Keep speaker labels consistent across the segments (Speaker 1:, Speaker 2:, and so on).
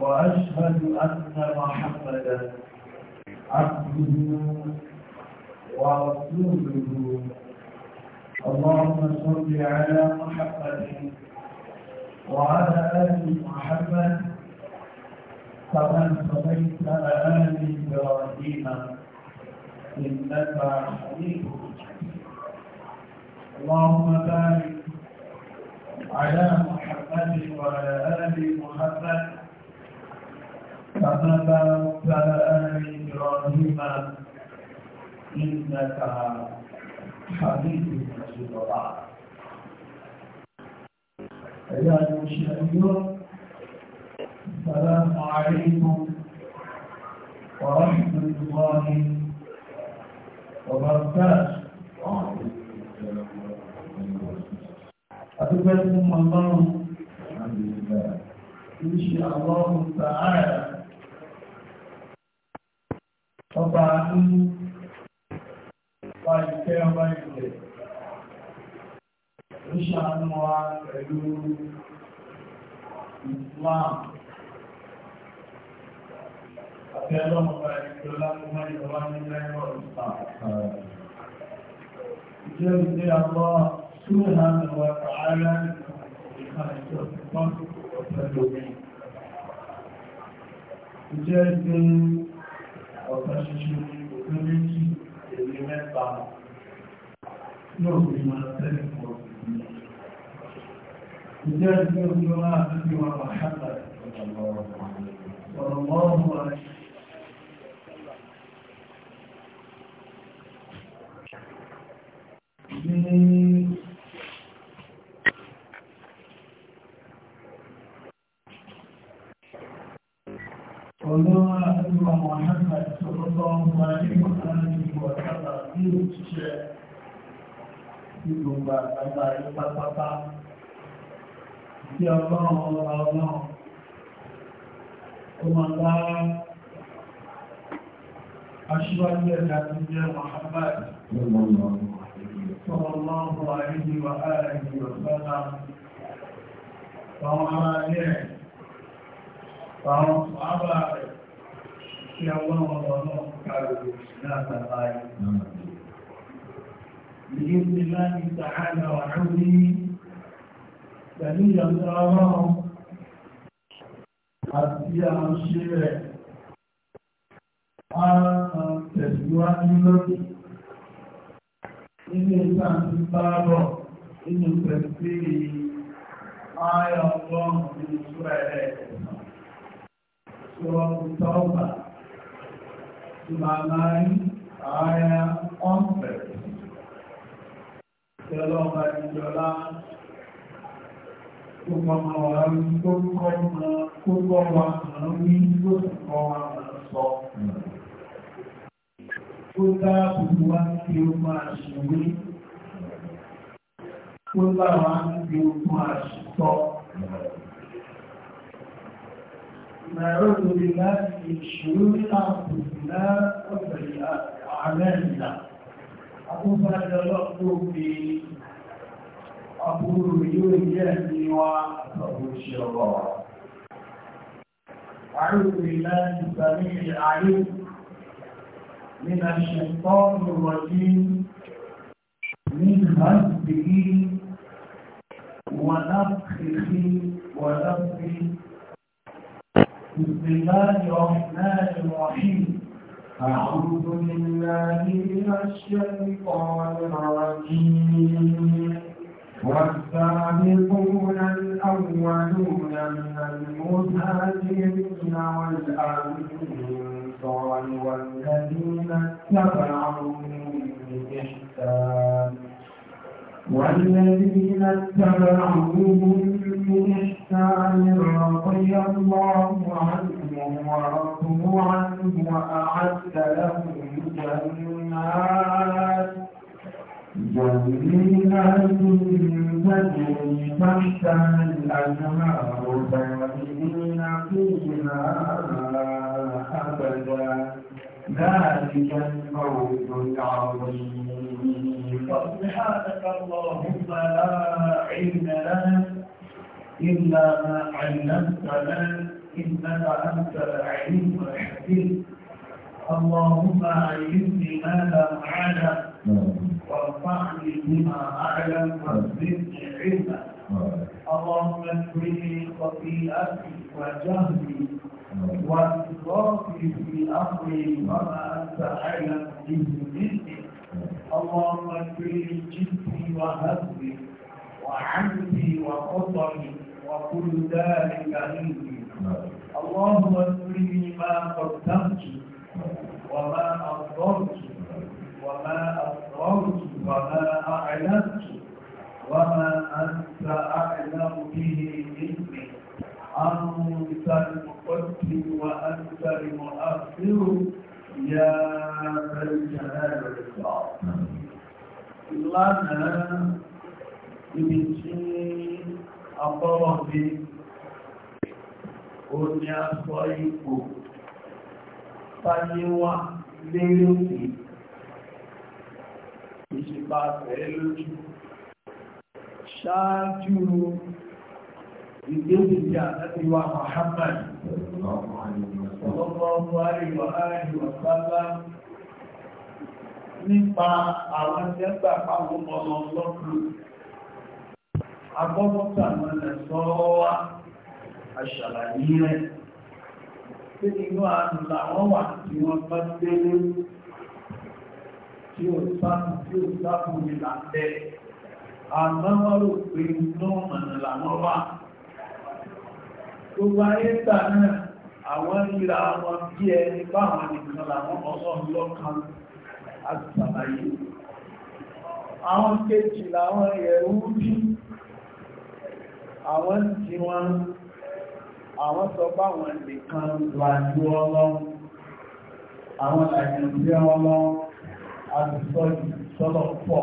Speaker 1: وأشهد أن محمدا عبده ورسوله اللهم صل على محمد وعلى آل محمد كما صليت على آل إبراهيم إنك حميد اللهم بارك على محمد وعلى آل محمد كما باركت على إبراهيم إنك حميد مجيد وبعد أيها المشاهدون السلام عليكم ورحمة الله وبركاته
Speaker 2: أتبعكم الله إن شاء الله تعالى
Speaker 1: ọba nínú ọba ìfẹ́ ọba ìfẹ́ ó ṣàánú wa pẹ̀lú Islam àti ẹlọ́mọba ìfẹ́ lápúmọ́ ìjọba ní lẹ́yọ́ Islam ìjẹ́ ìjẹ́ àpọ́ Súnhàn wa ta'ala ìkan ìjọ ìpọ́n Ìjẹ́ ìgbẹ̀rún ọ̀sán ṣíṣú òkun méjì èdè mẹ́ta náà fi máa tẹ́lẹ̀ pọ̀ ìjẹ́ ìgbẹ́ òjò náà ti fi wọn àṣàtà sọ̀rọ̀ mọ́rùn-ún
Speaker 2: rẹ̀ ní
Speaker 1: Ọlọ́run àdúgbò Mọ̀hánà ìṣòlọ́tọ́ ọmọ ẹgbẹ̀rún láti ìwọ̀ ìjọba ní òṣìṣẹ́ ìgbòmgbà àgbà ìpápápá tí ọlọ́run ọlọ́run ọlọ́run. Ó máa bá aṣíwájú ẹ̀dà tó jẹ́ Mọ̀hánà ìṣòlọ́tọ́ àríwá ààrẹ ìwọ̀sánà àwọn ará ilẹ̀ àwọn àbá kí àwọn ọmọ náà kàrò láti àbáyé. بإذن الله تعالى وحوله دليل الله àti àṣẹ rẹ̀ a tẹ̀síwájú lórí nínú ìta ti bá rọ̀ nínú pẹ̀sí ayọ̀ ọgbọ́n ìṣúra ẹ̀rẹ́ ìṣúra ọ̀pọ̀ mamari ààrẹ ọ̀pẹ̀rẹ̀ tẹ́lọ́ọ̀bá ìjọlá gbogbo wa tó kọ́ wa àrùn ní lóòkọ́ wa sọ tó dáàbò wá kí ó máa ṣèwé tó dáàbò wá kí ó máa نعوذ بالله من شرور انفسنا وسيئات اعمالنا اقول فلا يغفر في اقول بدون وأقول واصبر الله اعوذ بالله السميع العليم من الشيطان الرجيم من همزه ونفخه ونفخه بسم الله الرحمن الرحيم أعوذ بالله من الشيطان الرجيم والسابقون الأولون من المهاجرين والأنصار والذين اتبعوا بإحسان والذين اتبعوهم بإحسان رضي الله عنهم ورضوا عنه وأعد لهم جنات جنات تجري تحت الأنهار خالدين فيها أبدا ذلك الموت العظيم فسبحانك اللهم لا علم لنا إلا ما علمتنا إنك أنت العليم الحكيم اللهم علمني ما لم أعلم وانفعني بما أعلم وزدني علما نعم. اللهم اكرمني خطيئتي وجهلي واسرافي في امري وما انت اعلم به مني اللهم اكرمني جسمي وهزي وعملي وخطري وكل ذلك عندي اللهم اكرمني ما قدمت وما اخرت وما اسررت وما اعلنت وَمَا أنت أَعْلَمُ بِهِ مِنِّي أنت المقدم وأنت المؤخر يَا ذا الجلال والإكرام lánàá ibi tí àbọ́rọ̀ bí o ní aṣọ ipò táyé wá lérí òkè ìṣẹ́bà ṣáájú ìgbésíjà láti wá Muhammad ọlọ́pọ̀ àríwá àríwá sábà nípa àwọn jẹ́gbà pàwọn ọmọ ọlọ́pùn agbọ́gbọ́ta mọ́lẹ̀ sọ́ọ́wá aṣàlàyé rẹ̀ tí inú làwọn wà tí wọ́n bá délé tí ó tí ó àmọ́rò pé nọ́ọ̀mọ̀nà làwọn wà gbogbo ayé tà náà àwọn ìra wọn bí ẹni báwọn nìkan làwọn ọlọ́run lọ́kan àti sàlàyé àwọn kejì làwọn ẹ̀rù bí àwọn tí wọ́n àwọn sọ báwọn nìkan làjú ọlọ́run àwọn àjẹ̀mí ọlọ́run àti sọ́lọ̀ pọ̀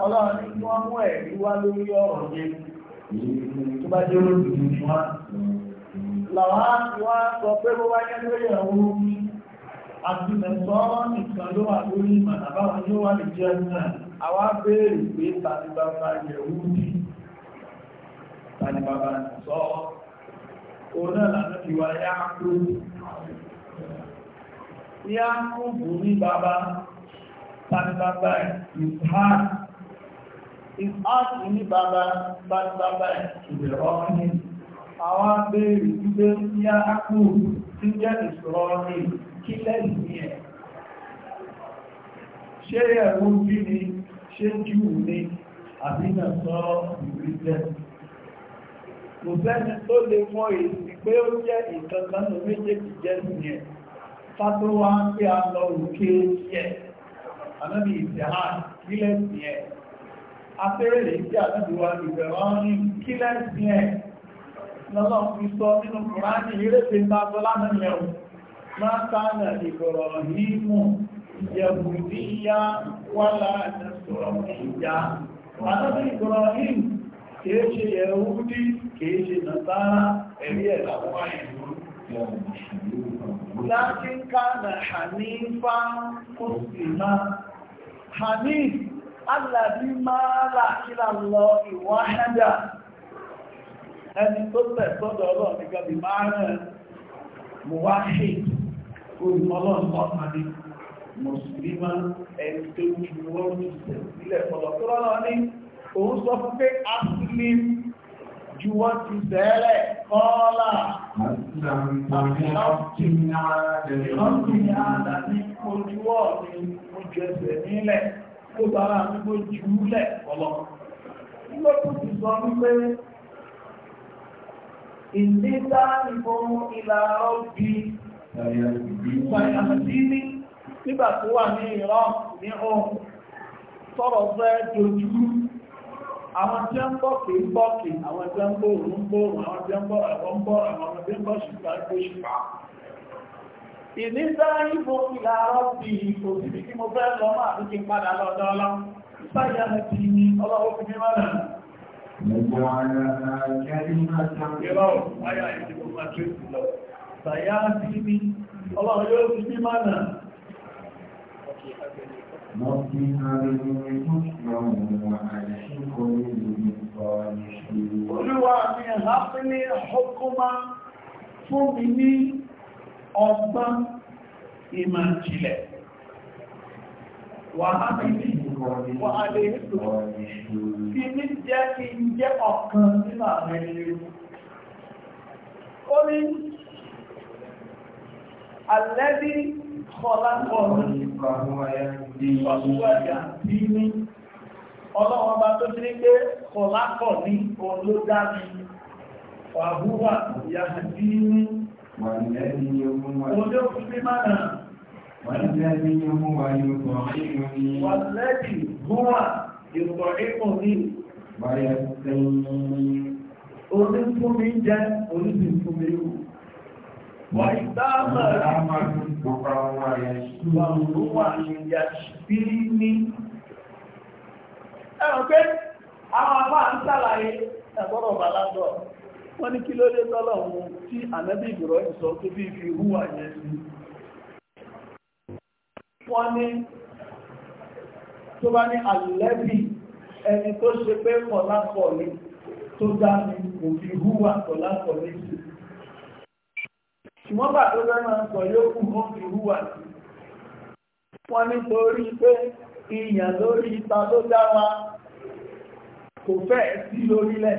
Speaker 1: ọlọ́run ní kí wọ́n mú ẹ̀rí wá lórí ọ̀rọ̀ yẹn tó bá jẹ́ olóògùn ní wá làwọn á ti wá sọ pé bó bá jẹ́ lórí ẹ̀rọ omi àti mẹ̀sọ́rọ́ nìkan ló wà lórí ìmọ̀ àbáwọn yóò wà lè jẹ́ náà àwa béèrè pé tàbí bàbá yẹ̀wú ní tàbí bàbá sọ òun náà lànà ìwà yá kú yá kú bù ní bàbá tàbí bàbá ìtàn is asked ní bàbá bàbá ìbẹ̀rọ̀ọ́ni àwọn abẹ́rẹ̀ ìgbé ní àkú tí jẹ́ ìṣòrọ̀ọ́ni kí lẹ́yìn ní ẹ̀ ṣe ẹ̀rọ bí ni ṣe jù ní àbínà sọ́rọ̀ ìrìnlẹ̀ kò sẹ́ni tó lè mọ́ èsì ó jẹ́ ìkankan ló méjèèjì jẹ́ sí ẹ̀ fátó ń pé a lọ òkè ẹ̀ nílẹ̀ ẹ̀ abẹ́rẹ̀ ìdí àtúndùwà ìbẹ̀rán ní kílẹ̀ sí ẹ̀ lọ́nà fi sọ nínú kùránì ìrẹ́sẹ̀ ìbáṣọ́ lánàá máa sáànà ìbọ̀rọ̀ nímú ìjẹ̀bùdíyá wálà ìjẹ̀sọ̀rọ̀ ìjà wàtọ́sí ìbọ̀rọ̀ nímú kìí ṣe ẹ̀húdí kìí ṣe nàtàrà ẹ̀rí ẹ̀ láwọn alàbí máa là kí là lọ ìwọ̀n ẹ̀dà ẹni tó tẹ̀ sọ́dọ̀ ọlọ́run ní gẹ́bì máa rẹ̀ mọ̀ wá ṣe olùmọ́lọ́run ọ̀pàdé mùsùlùmá ẹni tó kí wọ́n ní ìsẹ̀sílẹ̀ pọ̀lọ̀tọ́lọ́ ní òun sọ fún pé aslim ju wọ́n ti bẹ̀ẹ́rẹ̀ kọ́ọ́lá àti láti tó bára àmúgbó jùúlẹ̀ ọlọ́ ìlọ́pùtù sọ wípé ìdíta ìfún ìlà ọ̀bí
Speaker 2: ìfàyàmìdíní
Speaker 1: nígbà tó wà ní ìrọ́ ní ohun sọ̀rọ̀ fẹ́ dojú àwọn tí ó ń bọ̀ kì í bọ̀ kì àwọn tí ó ń bọ̀ òun bọ̀ àwọn tí ó ń bọ̀ àwọn tí ó ń bọ̀ ṣùgbà ìníṣẹ́ ìbò ìlà rọ́bì òsìbí tí mo fẹ́ lọ máa ní kí n padà lọ́dọ́ ọlọ́ ìsáyà ti ní ọlọ́wọ́ fi mímọ́ rẹ̀ Ọlọ́run yóò fi mímọ́ náà. Olúwa mi ẹ̀lá fún ní ọkọ́ máa fún mi ní ọgbọ́n ìmọ̀ ìjìnlẹ̀ wà á bí ní wà á lè tó kí ní jẹ́ kí ń jẹ́ ọ̀kan nínú àwọn ẹlẹ́rú ó ní alẹ́bí Ọlọ́run bá tó ti rí pé kọlákọ̀ ní olódá ni, wàhúwà, yàtí ní والذي هو والذي هو يطعمني والذي هو يطعمني ويسقيني onífúnmi jẹ́ onífúnmi wù wà ìdáàmà ìwà ìyàṣìbí ní ẹ̀rùn pé àwọn afá ń sàlàyé ẹ̀gbọ́rọ̀ bàlágọ́ wọ́n ní kí ló dé tọ́lọ̀ ohun tí ànábì Ibrahim sọ tó bí fi húwà yẹn sí wọ́n ní tó bá ní àlẹ́bì ẹni tó ṣe pé kọ̀lákọ̀ ní tó dá mi kò fi húwà kọ̀lákọ̀ ní sí ṣùgbọ́n bà tó fẹ́ máa sọ yóò kù ó fi húwà sí wọ́n ní torí pé ìyàn lórí ìta ló dá wa kò fẹ́ sí lórílẹ̀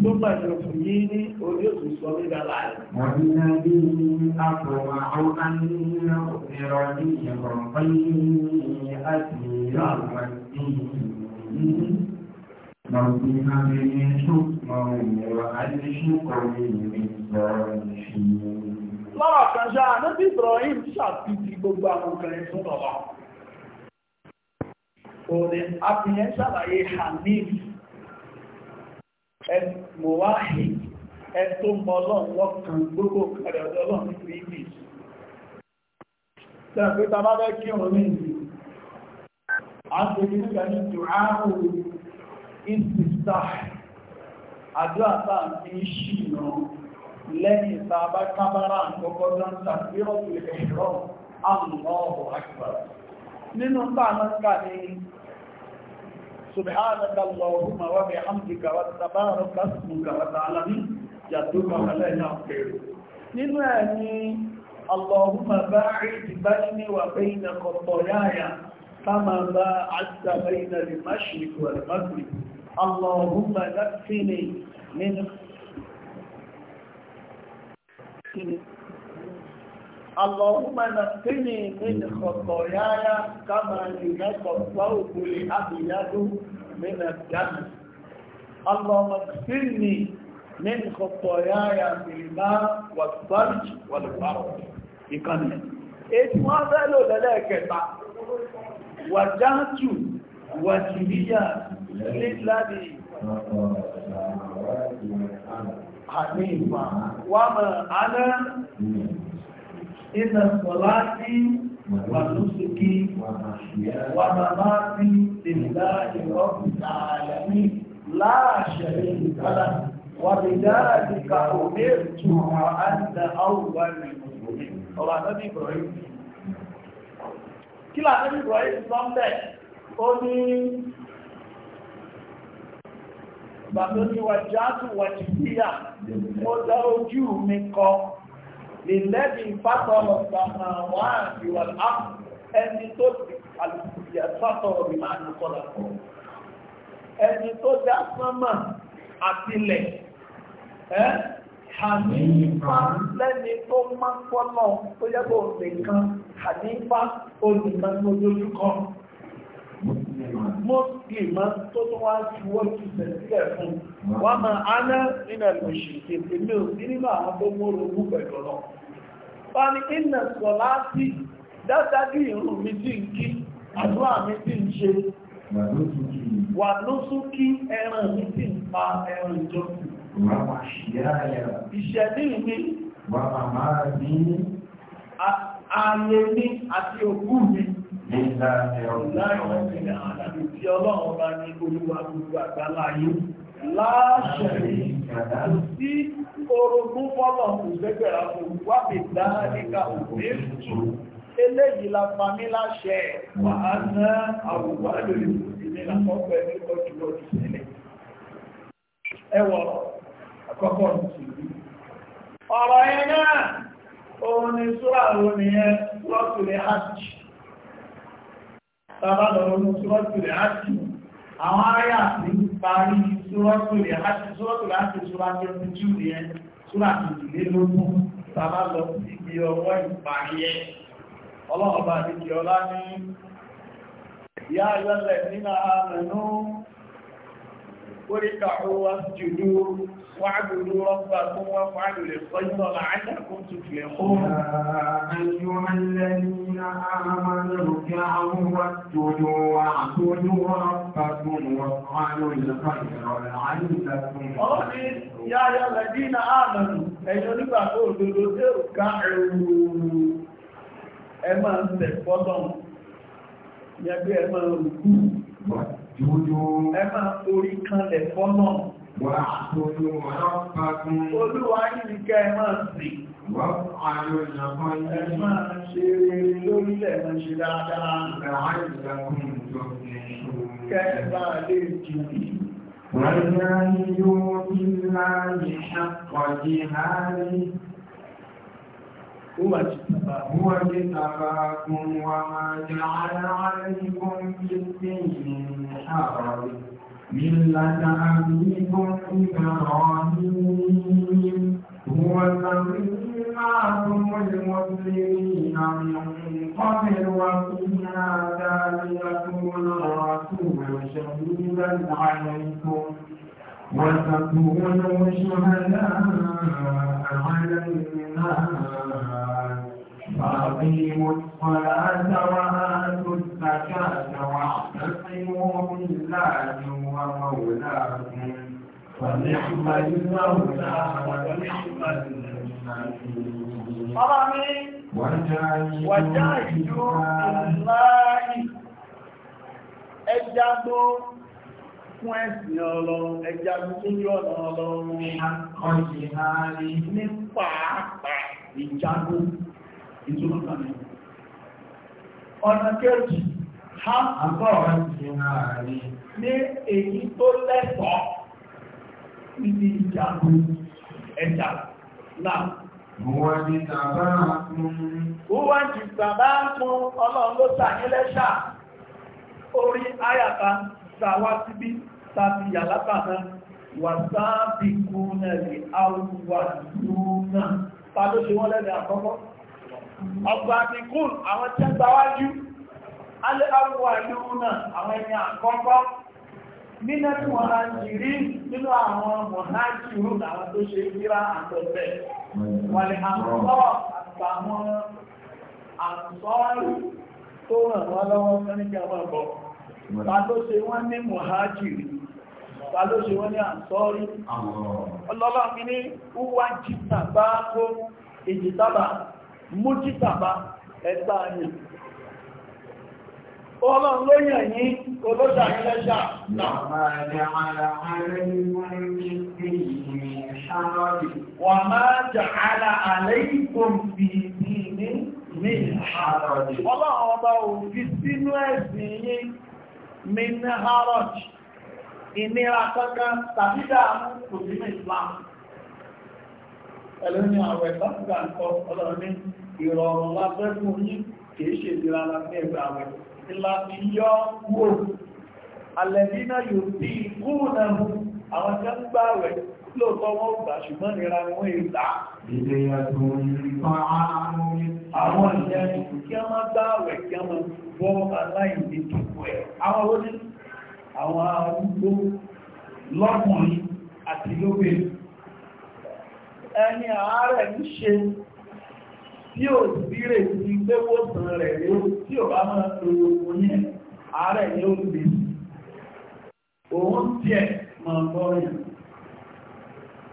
Speaker 1: Gbogbo ìjọsùn yìí ní orí òsù sọ ní dàlá rẹ̀. Ọ̀dínà bí i àpòwà àwọn àníyàn òmìnira ní ìrọ̀pá yìí àti ìrọ̀pá yìí. Ọ̀dínà bí i ṣùgbọ́n ìrọ̀ Ibrahim ṣàfihì gbogbo àwọn kan ẹ̀ sọ́dọ̀ wa. Òní, a Hanif ẹmọ̀wáhì ẹ̀tọ́ mọ́lọ́n lọ́kàn gbogbo kàrẹ̀ ọ̀dọ́ lọ́n ní ìgbì tẹ́lẹ̀kú tàbá bẹ́ kí òun ní ìlú àtòkìníkà ní dùháhù ìsìsá àdúràtà ní ṣìnà lẹ́yìn tàbá kábára àkọ́kọ́ dáńtà fírọ̀tù ẹ̀rọ سبحانك اللهم وبحمدك وتبارك اسمك وتعالى جدك علينا خير nínú يعني اللهم باعد بيني وبين خطاياي كما باعدت بين المشرق والمغرب اللهم نفسني من Allahumma naqqini min khataayaya kama yunqqa ath-thawbu al-abyadu min ad-dam. Allahumma naqqini min khataayaya bil-maa'i wath-thalji wal-barad. Ìkànnì. Ètí wọ́n fẹ́ lò lẹ́lẹ́kẹta, wàjáàtù wàjìríyà lílàdì àníìfà wà mọ̀ àná iná sọ̀lá sí wàlúsùkí wà màmá sí ìlà ìrọ́pù tààlẹ̀ ní láàṣẹ̀rẹ̀ ìtàlá wà bí dáadì ka òmé tù àwọn àdá àwùwá rẹ̀ ọ̀rọ̀ àtọ́bí ìbọ̀rẹ̀ kí làtọ́bí ìbọ̀rẹ̀ sọ́mbẹ̀ ó ní gbàtọ́ ní wàjá tó wàjì síyà ó dá ojú mi kọ lèlẹ́bí fátọ̀rọ̀ sàmà wà ìwà áàpù ẹni tó àlùfíà fátọ̀rọ̀ bí máa nù kọ́lá kọ́ ẹni tó dá sánmà àtìlẹ̀ ẹ́ hànífà lẹ́ni tó má kọ́lọ̀ tó yẹ́gbọ́ nìkan hànífà olùmọ̀ lójúkọ́ mọ́sílìmọ́ tó tó wá ti wọ́jú sẹ̀sílẹ̀ fún wọ́n ma aná nínú ìṣẹ̀kẹ́ ilé òsì nínú àwọn tó mọ́rọ̀ ogún pẹ̀lú lọ bá ní iná sọ láti dájájú ìrùn mi tí ń kí àdúrà mi tí ń ṣe wà lóṣúkí ẹran mi tí ń pa ẹran ìjọ ìṣẹ̀lẹ̀ mi ààyè mi àti òkú mi Láàṣẹ̀rí sí orogún fọ́lọ̀ òṣègbèrà fún wábì dáadíkà òmìnirìtù, eléyìí la pa mí láṣẹ wà á ná àwùwá lórí ìsinmi lápọ́pọ̀ ẹni ọjọ́ ìsinmi. Ẹwọ̀ àkọ́kọ́ ìsinmi. Ọ̀rọ̀ ẹ̀ náà, òun ni Súra tàbá lọ́rọ̀ ní ṣúrọ́tùlẹ̀ áti àwọn ará àti parí ṣúrọ́tùlẹ̀ áti ṣúrọ́tùlẹ̀ áti ṣúrọ́tùlẹ̀ áti ẹ áti ṣúrọ́tùlẹ̀ lógún tàbá lọ sí ibi ọwọ́ ìparí ẹ ọlọ́ọ̀bá àti ní ayọ́lẹ̀ nínú àmẹ́nú واركعوا واسجدوا واعبدوا ربكم وافعلوا الخير لعلكم تفلحون أيها الذين آمنوا اركعوا واسجدوا واعبدوا ربكم وافعلوا الخير لعلكم يا أيها الذين آمنوا ẹ̀yọ́ nígbà tó òdòdó tí ó ká ẹ̀rù ẹ máa ń Júdú. Ẹ máa orí kanlẹ̀ fọ́nà. Wà àtòlò ọlọ́pàákún. Olúwa yìí kẹ́ máa sì. Wà àlò ìjọba yìí. Ẹ máa ṣe rere lórílẹ̀ máa ṣe dáadáa. Ìgbà ìjọba ìjọba Kẹ́ẹ̀bá lè jìdí. Wà هو اجتباكم وما جعل عليكم في الدين من حرج ملة أبيكم إبراهيم هو الذي معكم المسلمين من قبل وفي هذا ليكون الرسول شهيدا عليكم وتكون شهداء على الناس فأقيموا الصلاة وآتوا الزكاة واعتصموا بالله ومولاكم
Speaker 2: فنعم المولى
Speaker 1: ونعم النصير وجاهدوا في الله اجعلوا fún ẹ̀sìn ọlọ́run ẹja lórí ọ̀nà ọlọ́run ọ̀yẹ̀ ààrẹ ní pàápàá ìjágbó ìtúrọ̀kànlẹ̀. ọ̀nà kejì ha àgbọ̀ ọ̀yẹ̀ ààrẹ ní èyí tó lẹ́tọ̀ọ́ níbi ìjágbó ẹja náà Wọ́n ti tàbá fún. Wọ́n ti tàbá fún ọlọ́run ló tà nílẹ́ṣà. Orí ayàta, ṣàwá síbí, tàbí yàlápàá wàtàbí kúnẹ̀lì àwùwàdúnà ta ló ṣe wọ́n lẹ́lẹ̀ àkọ́kọ́ ọgbàdìkún àwọn tí ń gbáwájú alẹ́ àwùwàdúnà àwọn ẹni àkọ́kọ́ nínú tí wọ́n rájìrí nínú àwọn mọ̀hájìrú àwọn tó ṣe kíra àtọ̀tẹ̀ wà lè àkọ́kọ́ àtàwọn àǹsọ́rù tó ràn wọ́n lọ́wọ́ ta ló ṣe wọ́n ní mọ̀hájìrì ta ló ṣe wọ́n ní àǹsọ́rí ọlọ́lọ́ mi ní wúwá bá kó èjìtàbá mú bá ẹgbà yìí ọlọ́run ló ma wà máa ala àlẹ́ìkòm fi ní ní ọlọ́run ọba sínú ẹ̀sìn yìí mínú harrod ìnira kankan tàbí dààmú kò sí ní Islam pẹ̀lú ni àwọn ẹ̀kọ́ gbà ń kọ́ ọlọ́run ní ìrọ̀rùn lábẹ́kùn ní kìí ṣe ìdíra láti ẹgbẹ́ àwẹ̀ ìlà yọ wò alẹ́bí náà yóò bí kúrò náà lóòtọ́ wọ́n gbà ṣùgbọ́n nira ni wọ́n ìgbà àwọn ìyẹn kí a máa gbá àwẹ̀ kí a máa bọ́ aláìní tukọ̀ ẹ̀ àwọn ó ní àwọn arúgbó lọ́kùnrin àti lóbe ẹni àárẹ̀ ń ṣe tí ò síre ti pé wòsàn rẹ̀ rí tí ò bá máa lo ogun yẹn àárẹ̀ ni ó lè òun tiẹ̀ máa gbọ́rìn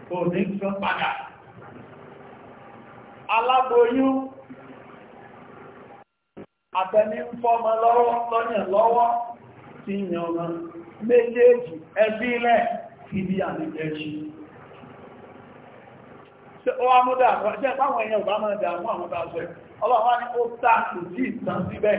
Speaker 1: kò ní sọ padà aláboyún àtẹni ń fọ́mọ lọ́wọ́ lọ́yàn lọ́wọ́ yàn méjèèjì ẹbí ilẹ̀ ti bí àmìjẹ́ṣì ó wá mú dáadọ́ jẹ́ páwọn èèyàn bá máa àwọn dáadọ́ ọlọ́wọ́ ni ó sí ìtàn síbẹ̀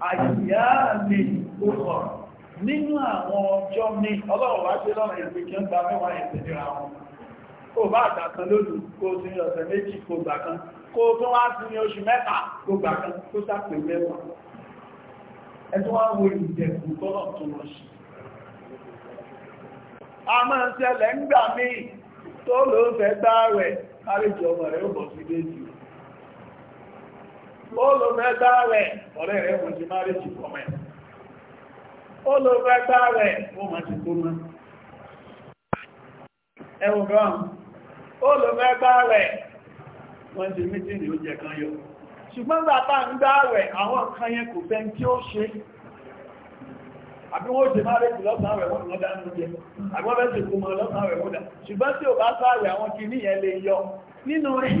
Speaker 1: àyíyá mi ó sọ nínú àwọn ọjọ́ mi ọlọ́wọ́ wá sí lọ́nà ìpè kí ń gba mẹ́wàá ẹ̀sẹ̀ nira wọn kò bá àgbà kan lódù kó sí ọ̀sẹ̀ méjì kó gbà kan kó tó wá sí ní oṣù mẹ́ta kó gbà kan kó sápè mẹ́wàá ẹ̀tọ́ wá wo ìdẹ̀kùn tọ́lọ̀ tó a máa ń ṣẹlẹ̀ olùfẹ́gbà rẹ̀ ọ̀rẹ́ rẹ̀ wọ́n ti máa rí jù ẹ̀ rẹ̀ wọ́n máa ti tó mọ́ gan rẹ̀ wọ́n ti mítìnì oúnjẹ kan yọ ṣùgbọ́n bàbá ń àwọn kan yẹn kò fẹ́ tí ó ṣe àbí jẹ máa lọ́sàn rẹ̀ wọ́n ní àbí wọ́n sì kó mọ́ lọ́sàn ṣùgbọ́n tí ò bá sáà rẹ̀ àwọn yẹn lè yọ nínú rẹ̀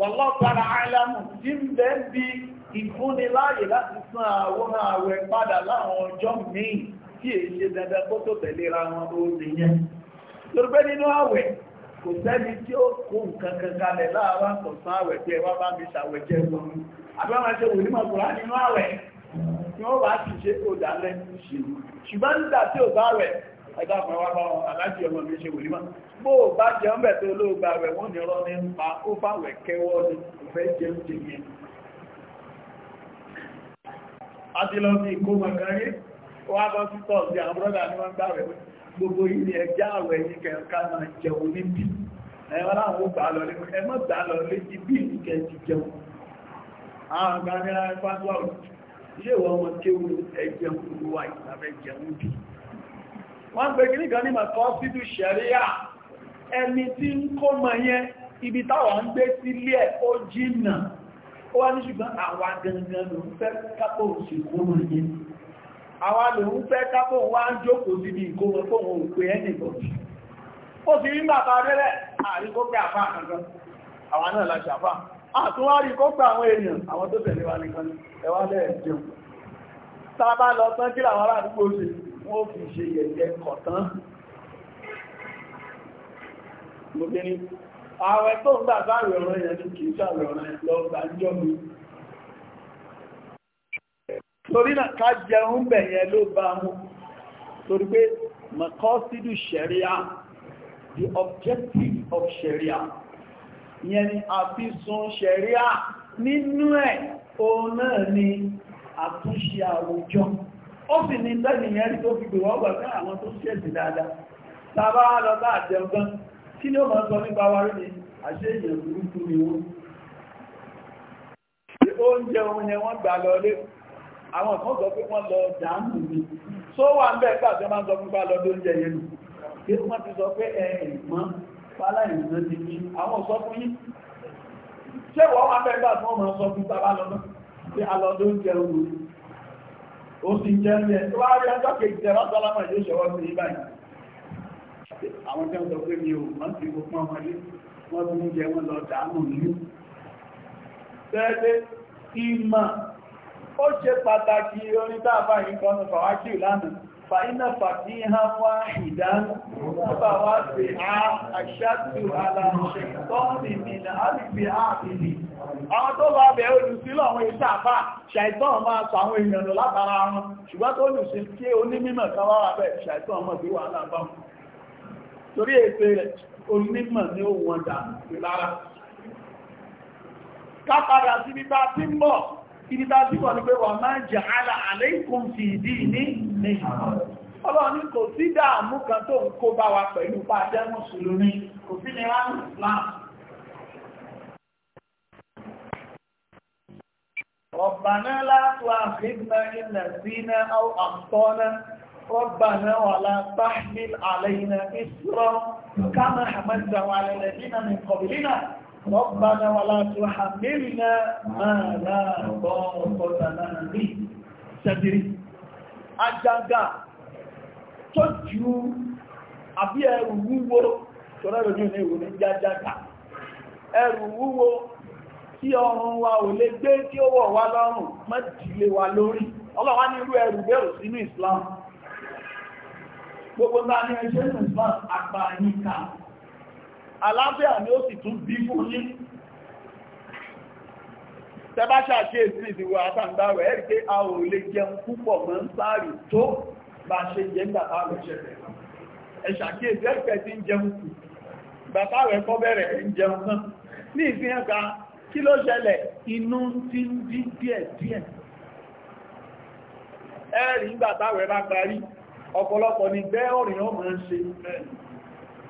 Speaker 1: wọ́lọ́tara àìlàmù tí ń bẹ́ bí ìfúnni láàyè láti san àwọn ààwẹ̀ padà láwọn ọjọ́ míì tí èyí ṣe dandan kó tó tẹ̀léra wọn ó lè yẹn torí pé nínú ààwẹ̀ kò sẹ́ni tí ó kó nǹkan kan kalẹ̀ láàárọ̀ àkọ̀sán ààwẹ̀ tí ẹ wá bá mi ṣàwẹ̀ jẹ́ lọ ẹgbà fún ẹwà báwọn aláàjì ọmọ mi ṣe wòlímọ̀ bó bá jẹ ọmọ ẹ̀tọ́ olóògbà rẹ̀ wọ́n ní rọ́ ní pa ó fàwẹ̀ kẹwọ́ ní ìfẹ́ jẹ oúnjẹ yẹn a ti lọ sí ìkó mọ̀kànrí wọ́n á bọ́ sí tọ́ọ̀sì àwọn brọ́dà ní wọ́n gbà rẹ̀ gbogbo ilé ẹjá àwẹ̀ yìí kẹ̀kẹ́ máa jẹun níbi ẹ̀wọ́n láwọn ó gbà lọ lé ẹmọ́ gbà lọ lé ti bí ìkẹ́ ti jẹun àwọn àgbà ní ara ẹ̀fà tó àwọn ilé ìwọ̀n wọn kéwù wà ìsàfẹ́ jẹun bíi wọ́n gbé kí nìkan ní mọ̀kọ́ sídú ṣẹ̀ríà ẹni tí ń kó mọ̀ yẹn ibi táwa ń gbé sílé ẹ̀ ó jìnnà ó wá ní ṣùgbọ́n àwa gangan ló ń fẹ́ kápò òṣèkó mọ̀ yẹn àwa ló ń fẹ́ kápò wá ń jókòó síbi ìkómọ fóun òpè ẹnìbọ̀dì ó sì rí bàbá rẹ́rẹ́ àríkó pé àfá kankan àwọn náà láti àfá àtúnwárí kó pẹ àwọn èèyàn àwọn tó tẹ̀lé wa nìkan ẹwà lẹ́ẹ̀ jẹun tá lọ tán kí làwọn ṣe wọ́n fi ṣe yẹ̀yẹ́ kọ̀tán lóbìnrin ààrẹ tó ń gbà sáàrẹ ọ̀rọ̀ yẹn ní kìí sáàrẹ ọ̀rọ̀ yẹn lọ gbà ń jọ mi torí náà ká jẹun bẹ̀ yẹn ló bá mú torí pé makọ́sídù ṣẹ̀ríà the objective of ṣẹ̀ríà yẹn ni àfisùn ṣẹ̀ríà nínú ẹ̀ òun náà ni àtúnṣe àwùjọ ó sì ní tẹ́nìyàn rí tó fi gbèrò ọgbà fẹ́ àwọn tó ṣẹ̀sì dáadáa tàbá lọ bá àjẹun gan kí ni ó máa sọ nípa wa rí ni àṣẹ èèyàn burúkú ni wọ́n oúnjẹ ohun yẹn wọ́n gbà lọlé àwọn kan sọ pé wọ́n lọ dàánù ni tó wà ń bẹ́ẹ̀ gbàtẹ́ máa sọ fún bá lọ lóúnjẹ yẹn nù pé wọ́n ti sọ pé ẹ̀ẹ̀n mọ́ pálá ìrìnà ti ní àwọn sọ fún yín ṣé wọ́n wà ń bẹ́ẹ̀ gbàtẹ́ wọ́n máa sọ fún ó sì jẹ́ ẹ̀ tó wá rí ọjọ́ kejì tẹ́rọ sọ́lámà yóò ṣọwọ́ sí ibà yìí àwọn tẹ́ ń sọ pé mi ò wọ́n ti gbogbo ọmọdé wọ́n tún jẹ wọ́n lọ dàánù nínú tẹ́lẹ̀ ìmọ̀ ó ṣe pàtàkì orin tàbá ìkọnu àwọn tó bá bẹ̀ olùsílọ̀ àwọn iṣẹ́ àfá ṣàìtàn máa sọ àwọn èèyàn lọ látara wọn ṣùgbọ́n tó olùsí tí onímọ̀ kan wá wà bẹ̀ ṣàìtàn mọ̀ sí wàhálà bá wọn torí èpè rẹ̀ onímọ̀ ni ó wọn dà sí lára ká padà sí bíbá tí ń bọ̀ ìdíbá tí wọ́n ni pé wà máa jẹ́ ala alaykum fi ìdí ní ní ọlọ́run ní kò sí dáàmú kan ربنا لا تؤاخذنا إن نسينا أو أخطأنا ربنا ولا تحمل علينا إسرا كما حملته على الذين من قبلنا ربنا ولا تحملنا ما لا طاقة لنا به ṣẹ́dìrí ajága tó jù àbí ẹrù wúwo tó rẹ̀rọ̀ ní ìwò tí ọrùn wa ò lè gbé tí ó wọ̀ wá lọ́rùn má dìlé wa lórí ọlọ́wà ní irú ẹrù bẹ́ẹ̀ ò sínú Islam gbogbo náà ní ẹjẹ́ ìlú Islam àgbà yíká aláfíà ni ó sì tún bí fún yí tẹ́bá ṣàṣe sí ìdíwọ̀ àtàndàwẹ̀ ẹ̀rí pé a ò lè jẹun púpọ̀ mọ́ ń sáàrì tó bá ṣe jẹ́ gbàtà rẹ̀ ṣẹlẹ̀ ẹ̀ṣàkíyèsí ẹ̀fẹ́ ti ń jẹun kù gbàtà rẹ̀ kọ́ bẹ̀rẹ̀ ń jẹun náà ní ìfihàn kan kí ló ṣẹlẹ̀ inú ti ń dí díẹ̀ díẹ̀ ẹ̀rì ìgbà táwẹ̀ bá parí ọ̀pọ̀lọpọ̀ ni gbẹ́ ọ̀rìn ọmọ ń ṣe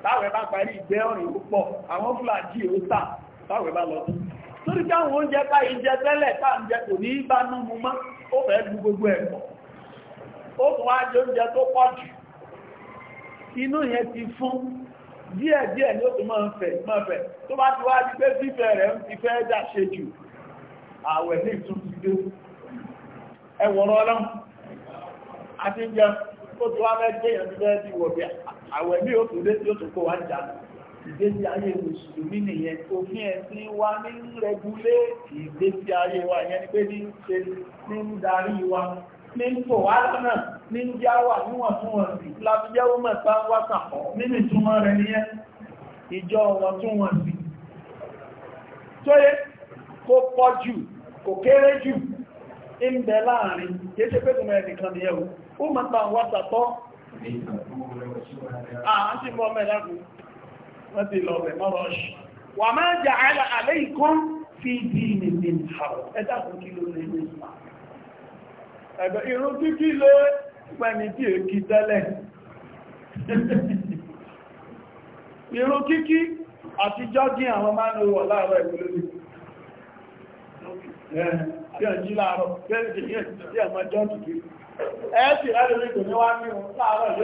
Speaker 1: táwẹ̀ bá parí gbẹ́ ọ̀rìn púpọ̀ àwọn fúlàjì ó tà táwẹ̀ bá lọ torí pé àwọn oúnjẹ báyìí jẹ tẹ́lẹ̀ tá ń jẹ kò ní ìbánú mu mọ́ ó fẹ́ lu gbogbo ẹ̀kọ́ ó tún wá oúnjẹ tó pọ̀ jù inú yẹn ti fún díẹ̀ díẹ̀ ni ó ti máa ń fẹ̀ máa fẹ̀ tó bá ti wá di pé fífẹ́ rẹ̀ ń ti fẹ́ dá ṣe jù ààwẹ̀ ní ìtún ti dé ẹwọ̀rọ̀ ọlọ́run àti ń jẹun ó ti wá fẹ́ dé èèyàn ti fẹ́ di wọ̀ bí ààwẹ̀ ní òtún dé tí ó tún kó wá jà ìgbésí ayé mùsùlùmí nìyẹn òfin ẹ̀sìn wa ní rẹguléètì ìgbésí ayé wa ìyẹn ni pé ní ṣe ní darí wa ní tò wá lọ́nà ní ń já wà níwọ̀ntúnwọ̀nsì lábíjẹ́ ó mẹ́ta wátàkọ̀ nínú ìtumọ̀ rẹ̀ níyẹn ìjọ wọ̀ntúnwọ̀nsì tó yẹ kó pọ̀ jù kò kéré jù ń bẹ láàrin kéṣe pé kùnmọ̀ ẹnìkan ni ẹwù ó mẹ́ta wátàkọ́ wà máa jà àlẹ́ pẹ́ni tí èkí tẹ́lẹ̀ irun kíkí àti jọ́gìn àwọn máa ń wọ̀ láàárọ̀ ìgbìlódì tí a jí láàárọ̀ tí a máa jọ́ kìkí ẹ́ẹ̀sì láàárín kò ní wá ní láàárọ̀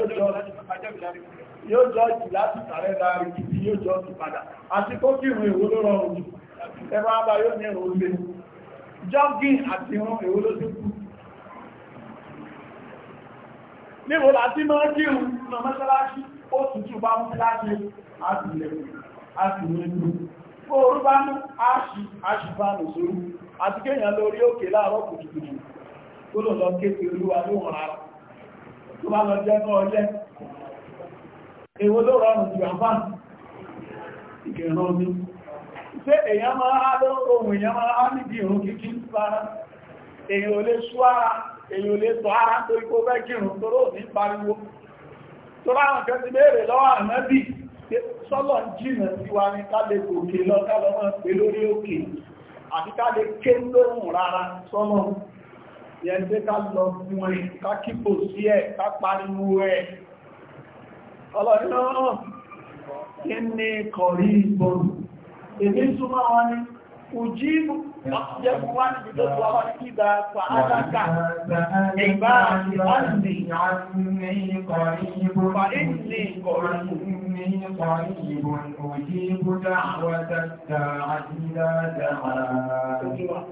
Speaker 1: yóò jọ́ jì láti tààrẹ láàárín kìkí yóò jọ́ jì padà àti kó kí ìrìn ìwó ló rọrùn jù ẹgbẹ́ àbá yóò ní ìrìn olè jọ́gìn àti ìrìn ìwó ló tó kù níbo láti máa kírun nà mọ́ṣáláṣí ó tútù bá mọ́ṣáláṣí àtìlẹ̀kùn fóorú bá mú aṣìbánu sórú àti kéèyàn lórí òkè láàárọ̀ kùtùkùtù tó lò lọ kéèkè olúwa ló wọ̀n rárá tó bá lọ jẹ́ náà jẹ́ èwo ló rọrùn jù àfáà ìkẹ̀rọ mi ṣé èèyàn máa á lóòrùn èèyàn máa èyàn lè tọ́ ara tó ikó fẹ́ kírùn tó rò ní pariwo tó ráhùn kẹ́ ti béèrè lọ́wọ́ ànábì sọ́lọ̀ jìnà sí wa ní kálẹ̀ gòkè lọ kálọ́ mọ́ pé lórí òkè àti kálẹ̀ ké lóhùn rárá sọ́lọ̀ yẹn pé ká lọ fún ẹ ká kíkò sí ẹ ká ujibu yajibu wani bidogo wa wakiba kwa adaka ibadi anni anni qaribun fa inni qaribun ujibu da'wata da'ida da'a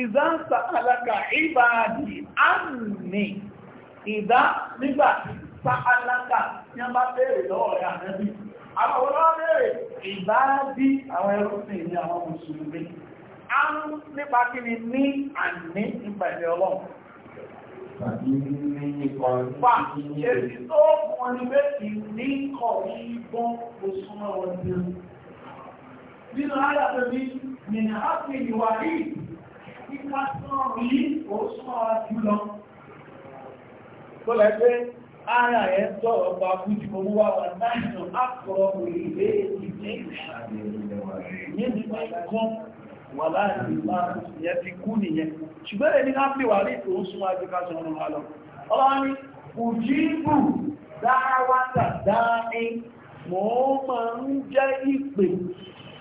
Speaker 1: Ìdá sàálàkà ìbáàdì àmì ìdá nígbàtí sàálàkà ní a bá bèèrè lọ́wọ́ rẹ̀ àmẹ́bí àwọn olóòrẹ̀ ìbáàdí àwọn ẹrùsìn ní àwọn mùsùlùmí a ń nípa kí ni ní àní ìpẹ̀lẹ̀ ọlọ́run Fà èsì tó fún ẹni pé ìní kọ̀ ní ìbọn òṣùnmọ́ wọn tí ó. Nínú alábẹ̀ mi, nìyà á fi ìwà rí ìkásán rí òṣùnmọ́ wọn jùlọ. Tó lẹ́ ara ẹ̀ sọ̀rọ̀ pa fújì owó wà wà náà àkọ̀rọ̀ òrìlé ìdílé ìyẹ́ni pé kan wà láàrin ìgbà ìyẹ́ ti kú nìyẹn ṣùgbọ́n ẹni náà pè wà ní ìtòun sún àjíká sọ̀rọ̀ wà lọ ọlọ́ni òjìbù dáwátà dáẹ́ mọ́ máa ń jẹ́ ìpè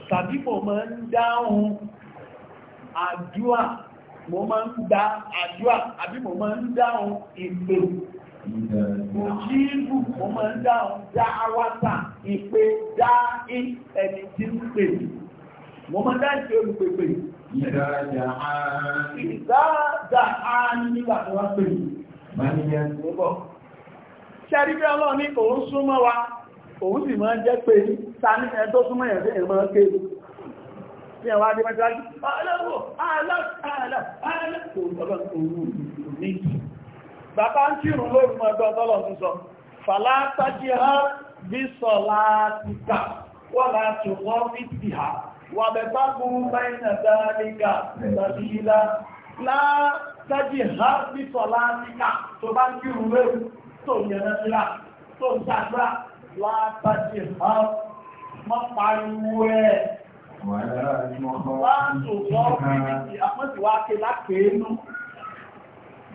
Speaker 1: tàbí mọ́ máa ń dáhùn àdúà mọ́ máa ń dá àdúà àbí mọ́ máa ń dáhùn ìpè Òjíìbù kò máa ń dáhùn dáhàwátà ìpè dáhì ẹni tí ń pè. Mo máa ń dáhì sí olùpèpè. Ìdájà áání. Ìdájà áání nígbà tó wá pè. Màníyàn ló bọ̀. Ṣẹ́rí bí ọlọ́run ní òun súnmọ́ wa, òun sì máa ń jẹ́ pé ta ní ẹ tó súnmọ́ yẹn sí ẹ̀mọ́ kéde. Bí ẹ̀wọ́ adé mẹ́ta, ọlọ́run, bàbá ń kírun lórí mọ́ ẹgbẹ́ ọ̀tọ́lọ̀ ń sọ fàlá tájí ha bí sọ láti ká wà láti wọ́n bí ti ha wà bẹ̀bá burú báyìí dáríga tàbí ilá látájí ha bí sọ láti ká tó bá ń kírun lórí tó yẹnà tó sàgbà látájí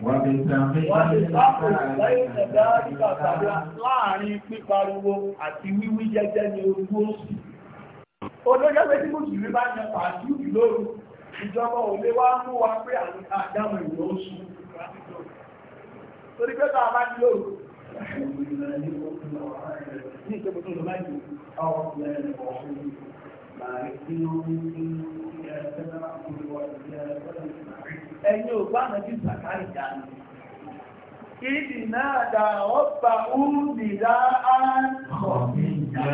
Speaker 1: Láàrin pípariwo àti wíwí jẹ́jẹ́ ni orúgbó sí. Olójẹ́ pé tí mo jù rí bá jẹ pàájú ìlóòrù, ìjọba ò lè wá mú wa pé àdámọ̀ ìlú oṣù. Torí pé tàà bá ní lóòrù. Ní ìjọba tó lọ láìpù, ẹ̀yin ò bá àmọ́ sí sàkárì dání. Ìdì náà dà ọ́pà úùdì dá án kọ̀ mí dá.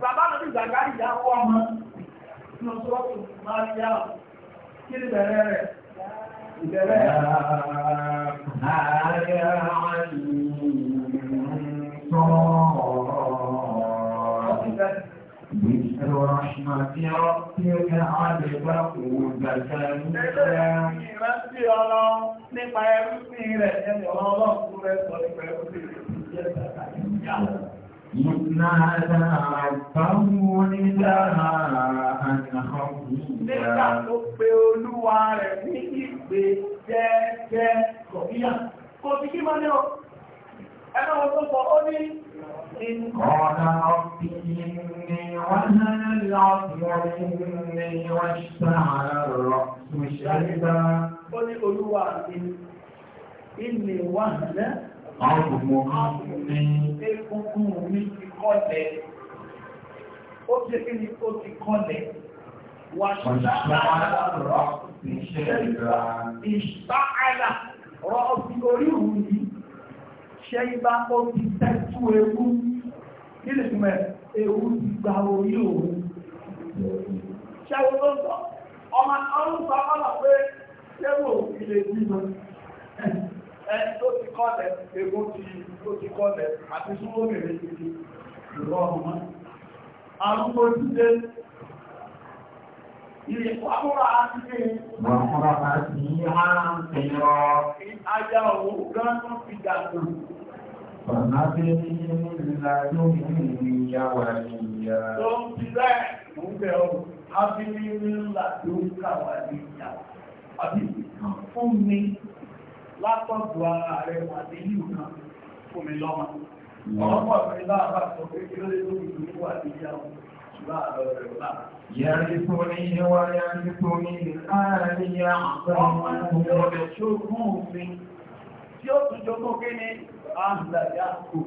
Speaker 1: Bàbá àmọ́ sí sàkárì dá wọ́ ọmọ الرحمة ربك على قلوبك يتنادى ربه نداء خفيا Nígbà tó pe olúwa rẹ̀ ní ìgbé jẹ́ẹ́jẹ́ kọ̀bíyà, kò fi kí mọ́ ní ọ̀ ẹ̀nà wọn tó sọ ó ní Ọ̀nà ọ̀bí ni wọ́n náà lọ́pí ọdún ni wọ́n ṣàárọ̀ ṣùṣẹ́lẹ́gbà. Ó ní olúwa àti ilẹ̀ wà náà. Ọ̀pùpù ni ẹkùnkùn mi ti kọ́lẹ̀. Ó ti kí ni ó ti kọ́lẹ̀. Wà ṣàárọ̀ ṣùṣẹ́lẹ́gbà. Ìṣàárọ̀ ṣe ibá ó ti tẹ́tú ewu nílẹ̀ ìmẹ̀ ewu ti gba orí òun ṣẹ́wọ́ tó sọ ọmọ ọrún sọ ọmọ pé ṣẹ́wọ́ ilé bímọ ẹ tó ti kọ́lẹ̀ ewu tó ti kọ́lẹ̀ àti súnmọ́ mẹ́rin ti rọrùn mọ́ àrùn tó ti dé Ìrìnkọ́bùrà àti ẹ̀yìn. Wọ́n kọ́ra bá ti ní àrùn tẹ̀yọ́. Ajá òun gan tó fi dàgbò. Bàbá bí ní ìlà yóò ní ìyá wà ní ìyá. Tó ń fi rẹ̀ mú bẹ̀ ọ́, a fi ní ìlà tó ń kà wà ní يرثني ويرث من آل يعقوب ويرثه tí ó tún jogún kí ni ààlà yàkù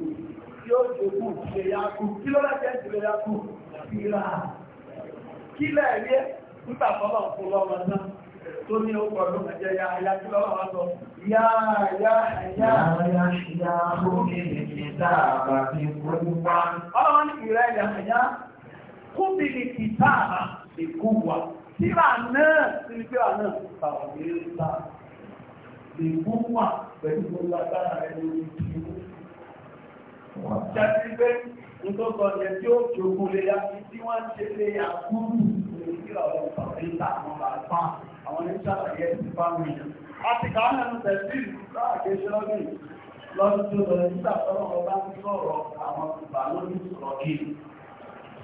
Speaker 1: tí ó jogún ṣe yàkù kí ló láti ẹ̀sìlẹ̀ yàkù kílá kílá ẹ̀rí ẹ̀ ń tàbọ́lọ̀ fún lọ́wọ́ náà tó ní ó pọ̀lú ẹ̀jẹ̀ ya ya kí lọ́wọ́ wá sọ ya ya ya ya ya ó kí ni kí dáàbà ti kó wá ọlọ́wọ́ ní ìrẹ́ ya ya kúbìlì kìtàbà ìkúwà síra náà síbi síra náà tàbí ńlá ìkúwà pẹ̀lú gbogbo agbára rẹ̀ lórí ìkúwà. Jáde pé ń tó sọ yẹ tí ó jogun lè ya tí wọ́n ṣe lè ya kúrú lórí síra ọ̀rọ̀ àwọn bàbá ti bá mi. A ti kàá nínú tẹ̀sí láàkéṣẹ́ lọ́dún lọ́dún tó lọ nígbà tọ́lọ́ ọba ń sọ̀rọ̀ àwọn bàbá lórí sọ̀rọ̀ kiri.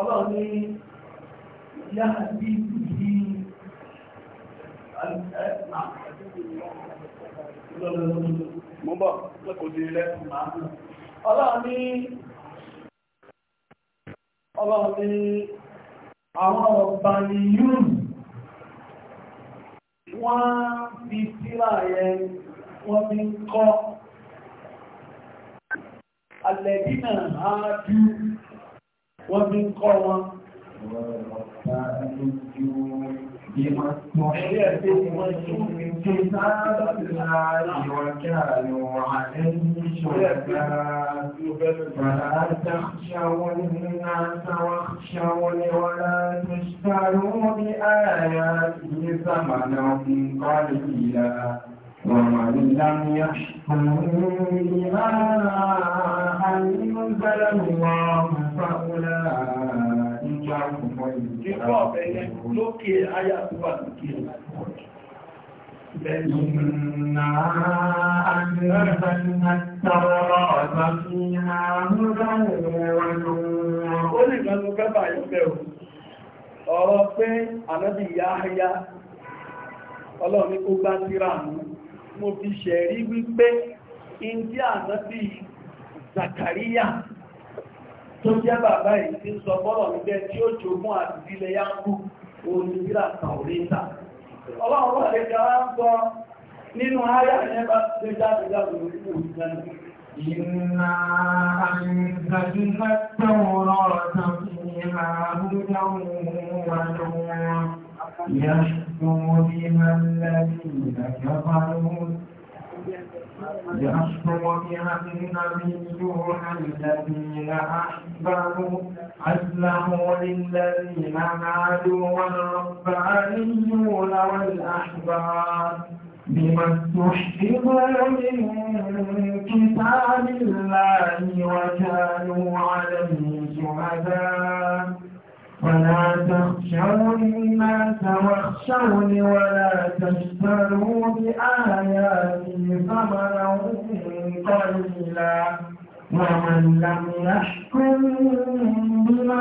Speaker 1: ọlọ́run ní yá bí ìdí mo bọ̀ lọ́kọ̀ sí ilẹ̀ àwọn ọba ni yúrù wọ́n fi sílá yẹn wọ́n fi ń kọ́ alẹ́dínà áájú ومن قوى ورفعت الجود بمسرحية من كتاب الله وكانوا عن الشهداء فلا تخشوا الناس واخشوني ولا تشتروا بآياته ثمنا قليلا ومن لم يحكم بما أنزل الله فأولئك هم الكافرون إنا أنزلنا التوراة فيها هدى ونور ọ̀rọ̀ pé ànábì Yahya ọlọ́run ní kó gbá tíra mú mo fi ṣẹ̀rí wípé ìdí ànábì zakariya tó jẹ́ bàbá ìsí sọ bọ́rọ̀ níbẹ̀ tí ó jogún àti ilẹ̀ yánkú olùgbìrà tàoríta ọlọ́run wà lè jẹ́ wọ́n sọ nínú ayá ẹ̀yẹ́bá tó jáde jáde lórí يحكم بها الذين كفروا يحكم بها النبيون الذين أحببوا أسلموا للذين عادوا والربانيون والأحبار بما استحفظوا من كتاب الله وكانوا عليه شهداء فلا تخشون الناس واخشوني ولا تشتروا بآياتي ثمنا قليلا ومن لم يحكم بما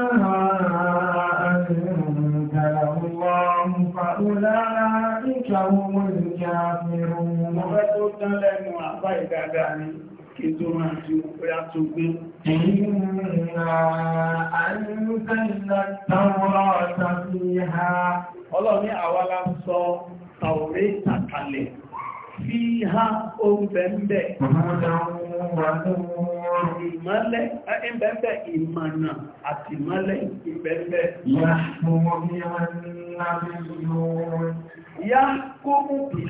Speaker 2: أنزل
Speaker 1: الله فأولئك هم الكافرون. kí tó máa tí ó pẹ́yà tó gbé. Ọlọ́ni àwa la sọ tàwọ̀rí tàkàlẹ̀ fi ha oúnjẹ ń bẹ̀. Ìmọ́lẹ̀ ẹ̀ẹ́bẹ̀ẹ́bẹ̀ ìmọ̀nà àti ìmọ́lẹ̀ ìbẹ̀ẹ́bẹ̀. Yá kó mú bí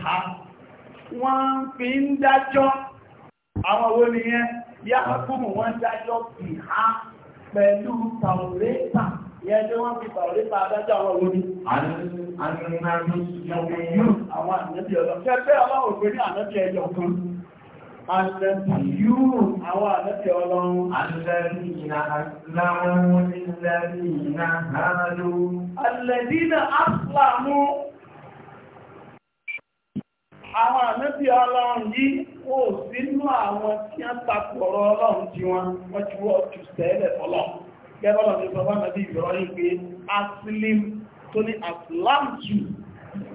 Speaker 1: ha, wọ́n fi ń dájọ́ àwọn owó ni yẹn yá kúmù wọ́n dájọ́ fi há pẹ̀lú tàwọ̀rẹ́ta yẹn tí wọ́n fi tàwọ̀rẹ́ta adájọ́ àwọn owó ni àwọn ànábì ọlọ́ kẹfẹ́ ọlọ́run pé ní àwọn ànábì ọlọ́run yìí ó sínú àwọn tí a tapọ̀rọ̀ ọlọ́run tí wọ́n wọ́n ti wọ́ jù sẹ́lẹ̀ fọ́lọ̀ gẹ́gọ́lọ̀ ní sọ fún ànábì ìrọ̀rọ̀ yìí pé aslim tó ní aslam jù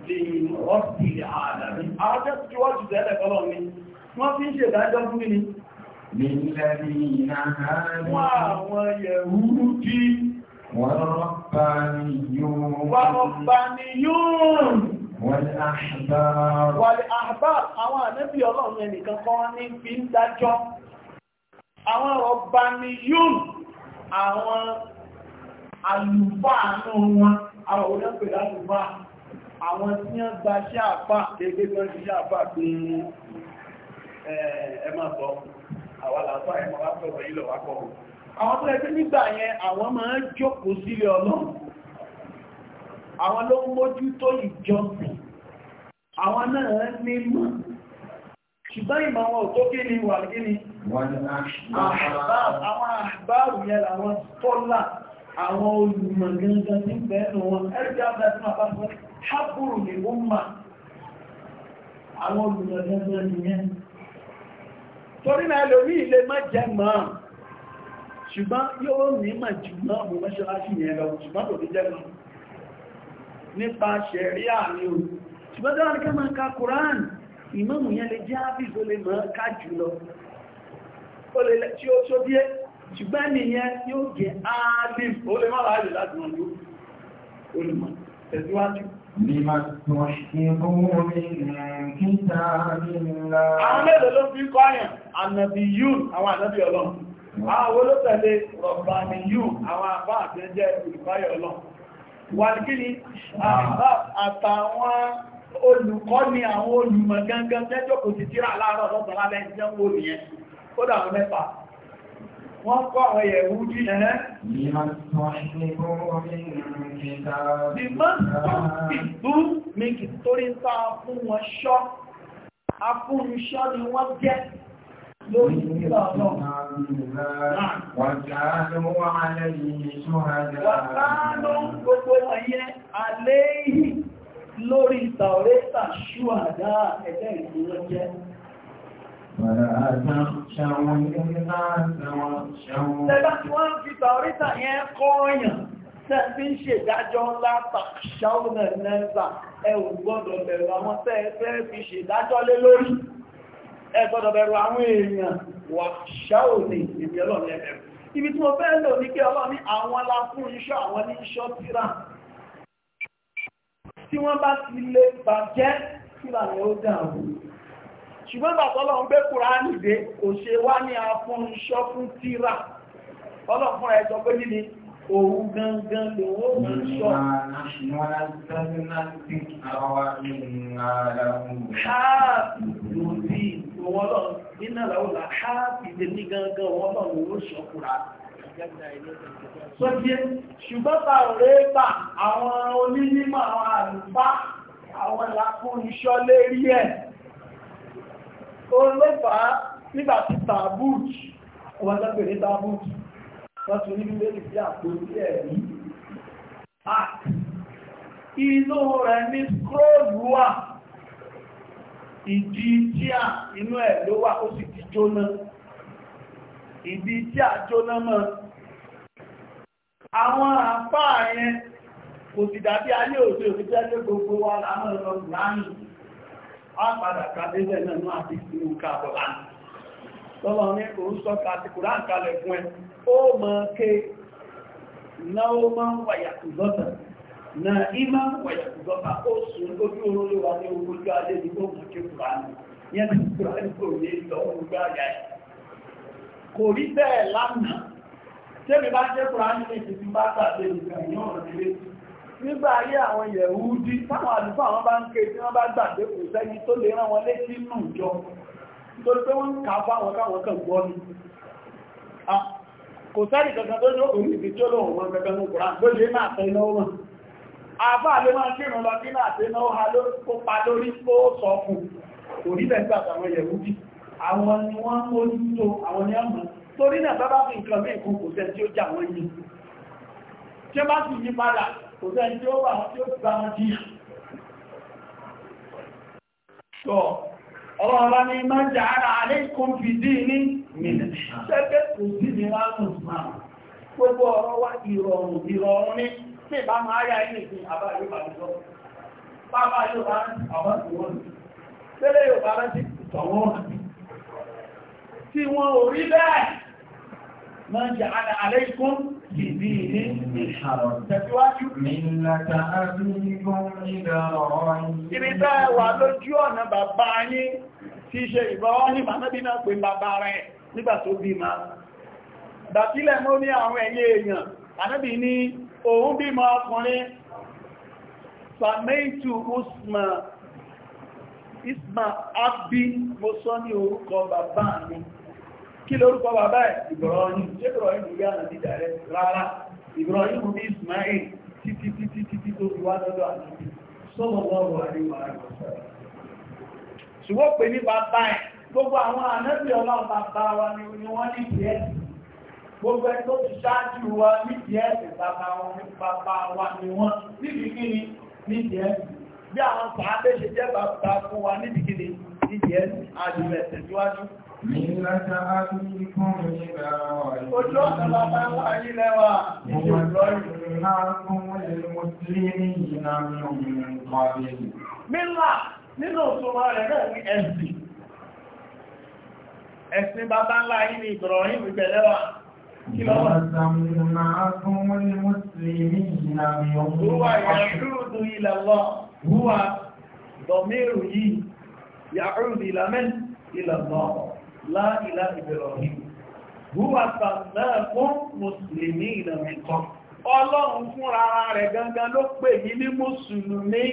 Speaker 1: lè rọ́pì àdàrí àwọn tẹ́ ti wọ́ jù sẹ́lẹ̀ ni wọ́n fi ń ṣe ìdájọ́ fún mi ni wọ́n àwọn yẹ̀húrú wọ́n rọ́pà ní yóò wàlẹ̀ àbá àwọn ànábì ọlọ́run ẹnìkan kan ní fi ń dájọ́ àwọn ọba ni yóò àwọn àlùfáà náà wọn àwọn àwọn tí ó gba ṣẹ́ àpá ẹgbẹ́ tó ń àpá pé ẹmà sọ àwọn àlàáfà ẹmà wá àwọn ló ń mójú tó ìjọsìn àwọn náà ní mọ̀ ṣùgbọ́n ìmọ̀ wọn tó kí ni wà kí ni àwọn àbáàrù yẹn àwọn tọ́lá àwọn olùmọ̀ gangan ní bẹ̀ẹ́nu wọn ẹgbẹ́ abẹ́sùn àpapọ̀ hápùrù ní ó mà àwọn olùmọ̀ gangan nìyẹn torí náà lórí ilé má jẹ mọ́ ṣùgbọ́n yóò ní mà jù náà mọ́ mọ́ṣáláṣí yẹn lọ ṣùgbọ́n kò ní jẹ́ mọ́ nípa ṣẹ̀ríà ni o ṣùgbọ́n tó wà ní ká máa ka Quran ìmáàmù yẹn lè jẹ́ ábìs ó lè mọ́ ká jùlọ tí ó tó díẹ̀ ṣùgbọ́n nìyẹn yóò jẹ́ ábìs ó lè má ráyè láti wọn ló olùmọ̀ tẹ̀síwájú Àwọn mẹ́lẹ̀ ló fi kọ́ àyàn, ànàbì yún, àwọn ànàbì ọlọ́run. Àwọn olótẹ̀lé rọ̀bà ni yún, àwọn àbá àti ẹjẹ́ olùfáyọ̀ ọlọ́run wàlíkíní ah. àtàwọn olùkọ́ ni àwọn olùmọ̀ gangan tẹ́jọ́ kò ti tíra láàárọ̀ lọ́sàn lábẹ́ ìjẹ́ wò nìyẹn ó dà wọn mẹ́fà wọ́n kọ́ àwọn ẹ̀yẹ̀wú jí ẹ̀rẹ́ ìmọ̀ sọ́ọ̀ṣì وكانوا عليه شهداء وكانوا gbogbo ẹ̀yẹ àléhì lórí ìtàwọ́rẹ́ta ṣúhàdá ẹgbẹ́ ìgbìyàn jẹ́ Tẹ́bá tí wọ́n ń fi tàwọ́rẹ́ta yẹn kọ́ọ̀yàn tẹ́ fi ń ṣe ìdájọ́ ńlá tàṣàúnà nẹ́ta ẹ ò gbọ́dọ̀ bẹ̀rẹ̀ àwọn tẹ́ fẹ́ fi ṣe ìdájọ́ ẹ gbọ́dọ̀ bẹ̀rù àwọn èèyàn wà ṣáò ní ìbí ọlọ́run ẹ̀bẹ̀rù ibi tí mo fẹ́ lò ní pé ọlọ́run ní àwọn la fún iṣọ́ àwọn ní iṣọ́ tíra tí wọ́n bá ti lè bàjẹ́ tíra ni ó dàrú ṣùgbọ́n bàtọ́lọ́ ń gbé kùránì dé kò ṣe wá ní a fún iṣọ́ fún tíra ọlọ́run fún ẹ̀ sọ pé níbi òun gangan lòwó ìṣọ́. Káàkiri wọ́n lọ iná làwọn là á ìdè ní gangan wọ́n lọ ló ń ṣọkùnra. sọ́jẹ́ ṣùgbọ́n ta ọ̀rẹ́ bà àwọn onímọ̀ àwọn àlùfáà àwọn làkún iṣọ́ lérí ẹ̀ olófàá nígbà tí tàbúùtù ọmọ ẹgbẹ́ ní tàbúùtù wọ́n tún ní mílẹ̀ sí àpótí ẹ̀rí ah! inú rẹ̀ ní skróòlù wà ìdí tí à inú ẹ̀ ló wà ó sì ti jóná ìdí tí à jóná mọ́ àwọn àpá yẹn kò sì dàbí ayé òṣè òṣìṣẹ́ lé gbogbo wa láàrín ọ̀rọ̀ ìrànì á padà kàdébẹ̀ náà ní àti ìlú kàbọ̀ láti tọ́lọ ní òun sọ kàtí na ìmá wẹ̀yẹ̀kùgọ́fà ó sùn lójú oró ló wà ní ogójú adé ní gbogbo kí kùránì yẹn ní kùránì kò ní lọ ogójú àyà ẹ̀ kò rí bẹ́ẹ̀ lánàá tẹ́mi bá jẹ́ kùránì ní ìdí bá tàbí ìgbà yàn rẹ̀ nígbà ayé àwọn táwọn wọn bá ń ké tí wọ́n bá gbàgbé kò tó lè rán wọn létí nù ni kò ah, kankan tó ní òun tí ó lòun wọn kankan àbá lè máa kírùn lọ kínà àti iná ó ha lórí kópa lórí kó sọ fún kò ní bẹ̀ẹ́gbà àtàwọn yẹ̀wúdí àwọn ni wọ́n mójútó àwọn ni ọmọ torí náà bá bá fi nǹkan mí ìkún kò sẹ́ tí ó jà wọ́n yìí tí ó bá sì yí padà kò sẹ́ tí ó wà tí ó bá wọn jí ọlọ́ọ̀lá ni máa jà ara aléìkún fi dí ní mìíràn ṣẹ́gbẹ́ kò sí ní ránù gbogbo ọ̀rọ̀ wá ìrọ̀rùn ìrọ̀rùn ní tí ìbá máa yá inú ìpín àbá ìlú àdúgbò bàbá yóò bá rántí àwọn ìwọ̀n tẹ́lẹ̀ yóò bá rántí ìtọ̀wọ́n tí wọ́n ò rí bẹ́ẹ̀ máa ń jẹ́ aláìkún ìbí ní ìṣàrọ̀ tẹ̀síwájú nílata àbígbọ́n ní mànábí náà ní àwọn ẹ̀yẹ èèyàn ànábì ní òun bímọ ọkùnrin fàmẹ́ìtù usma isma abí mo ní orúkọ bàbá mi kí lórúkọ bàbá ẹ̀ ìbọ̀rọ̀yìn ṣé ìbọ̀rọ̀yìn ló yára ní ìdàrẹ́ rárá ìbọ̀rọ̀yìn ní ismail títí tó fi wá lọ́dọ̀ àti àríwá gbogbo ẹ tó ti ṣáájú wa nídìí ẹ̀sìn bàbá wọn ní bàbá wa ni wọ́n níbi kíni nídìí ẹ̀sìn bí àwọn sàábé ṣe jẹ́ bàbá fún wa níbi kíni nídìí ẹ̀sìn àdìrẹ̀ tẹ̀síwájú. Ojú ẹ̀sìn. bàbá ńlá yìí ni Ibrahim ìbẹ̀lẹ́wà. وسمعكم المسلمين هو يعود إلى الله هو ضمير يعود إلى من؟ إلى الله لا إلى إبراهيم هو سماكم مسلمين من قبل Ọlọ́run fúnra rẹ̀ gangan ló pè yín ní Mùsùlùmí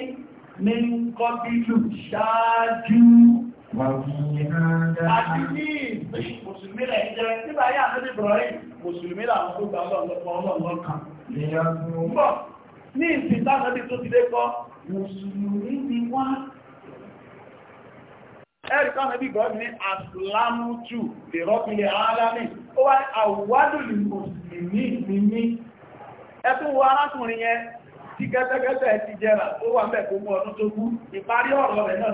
Speaker 1: ní kọ́bílù ṣáájú
Speaker 2: Ní ìsìnká
Speaker 1: ànábì tó ti lé kọ́, Mùsùlùmí ni wá. Ẹ̀rìká ànábì bọ́ ní Àṣìlámútù, ìrọ́pìlẹ̀ alámi, ó wá àwádùn Mùsùlùmí ni mí. Ẹkùn wo arákùnrin yẹn tí gẹ́gẹ́gẹ́gẹ́ ti jẹ́ra, ó wà mẹ́kùn ọdún tó kú, ìparí ọ̀rọ̀ rẹ̀ náà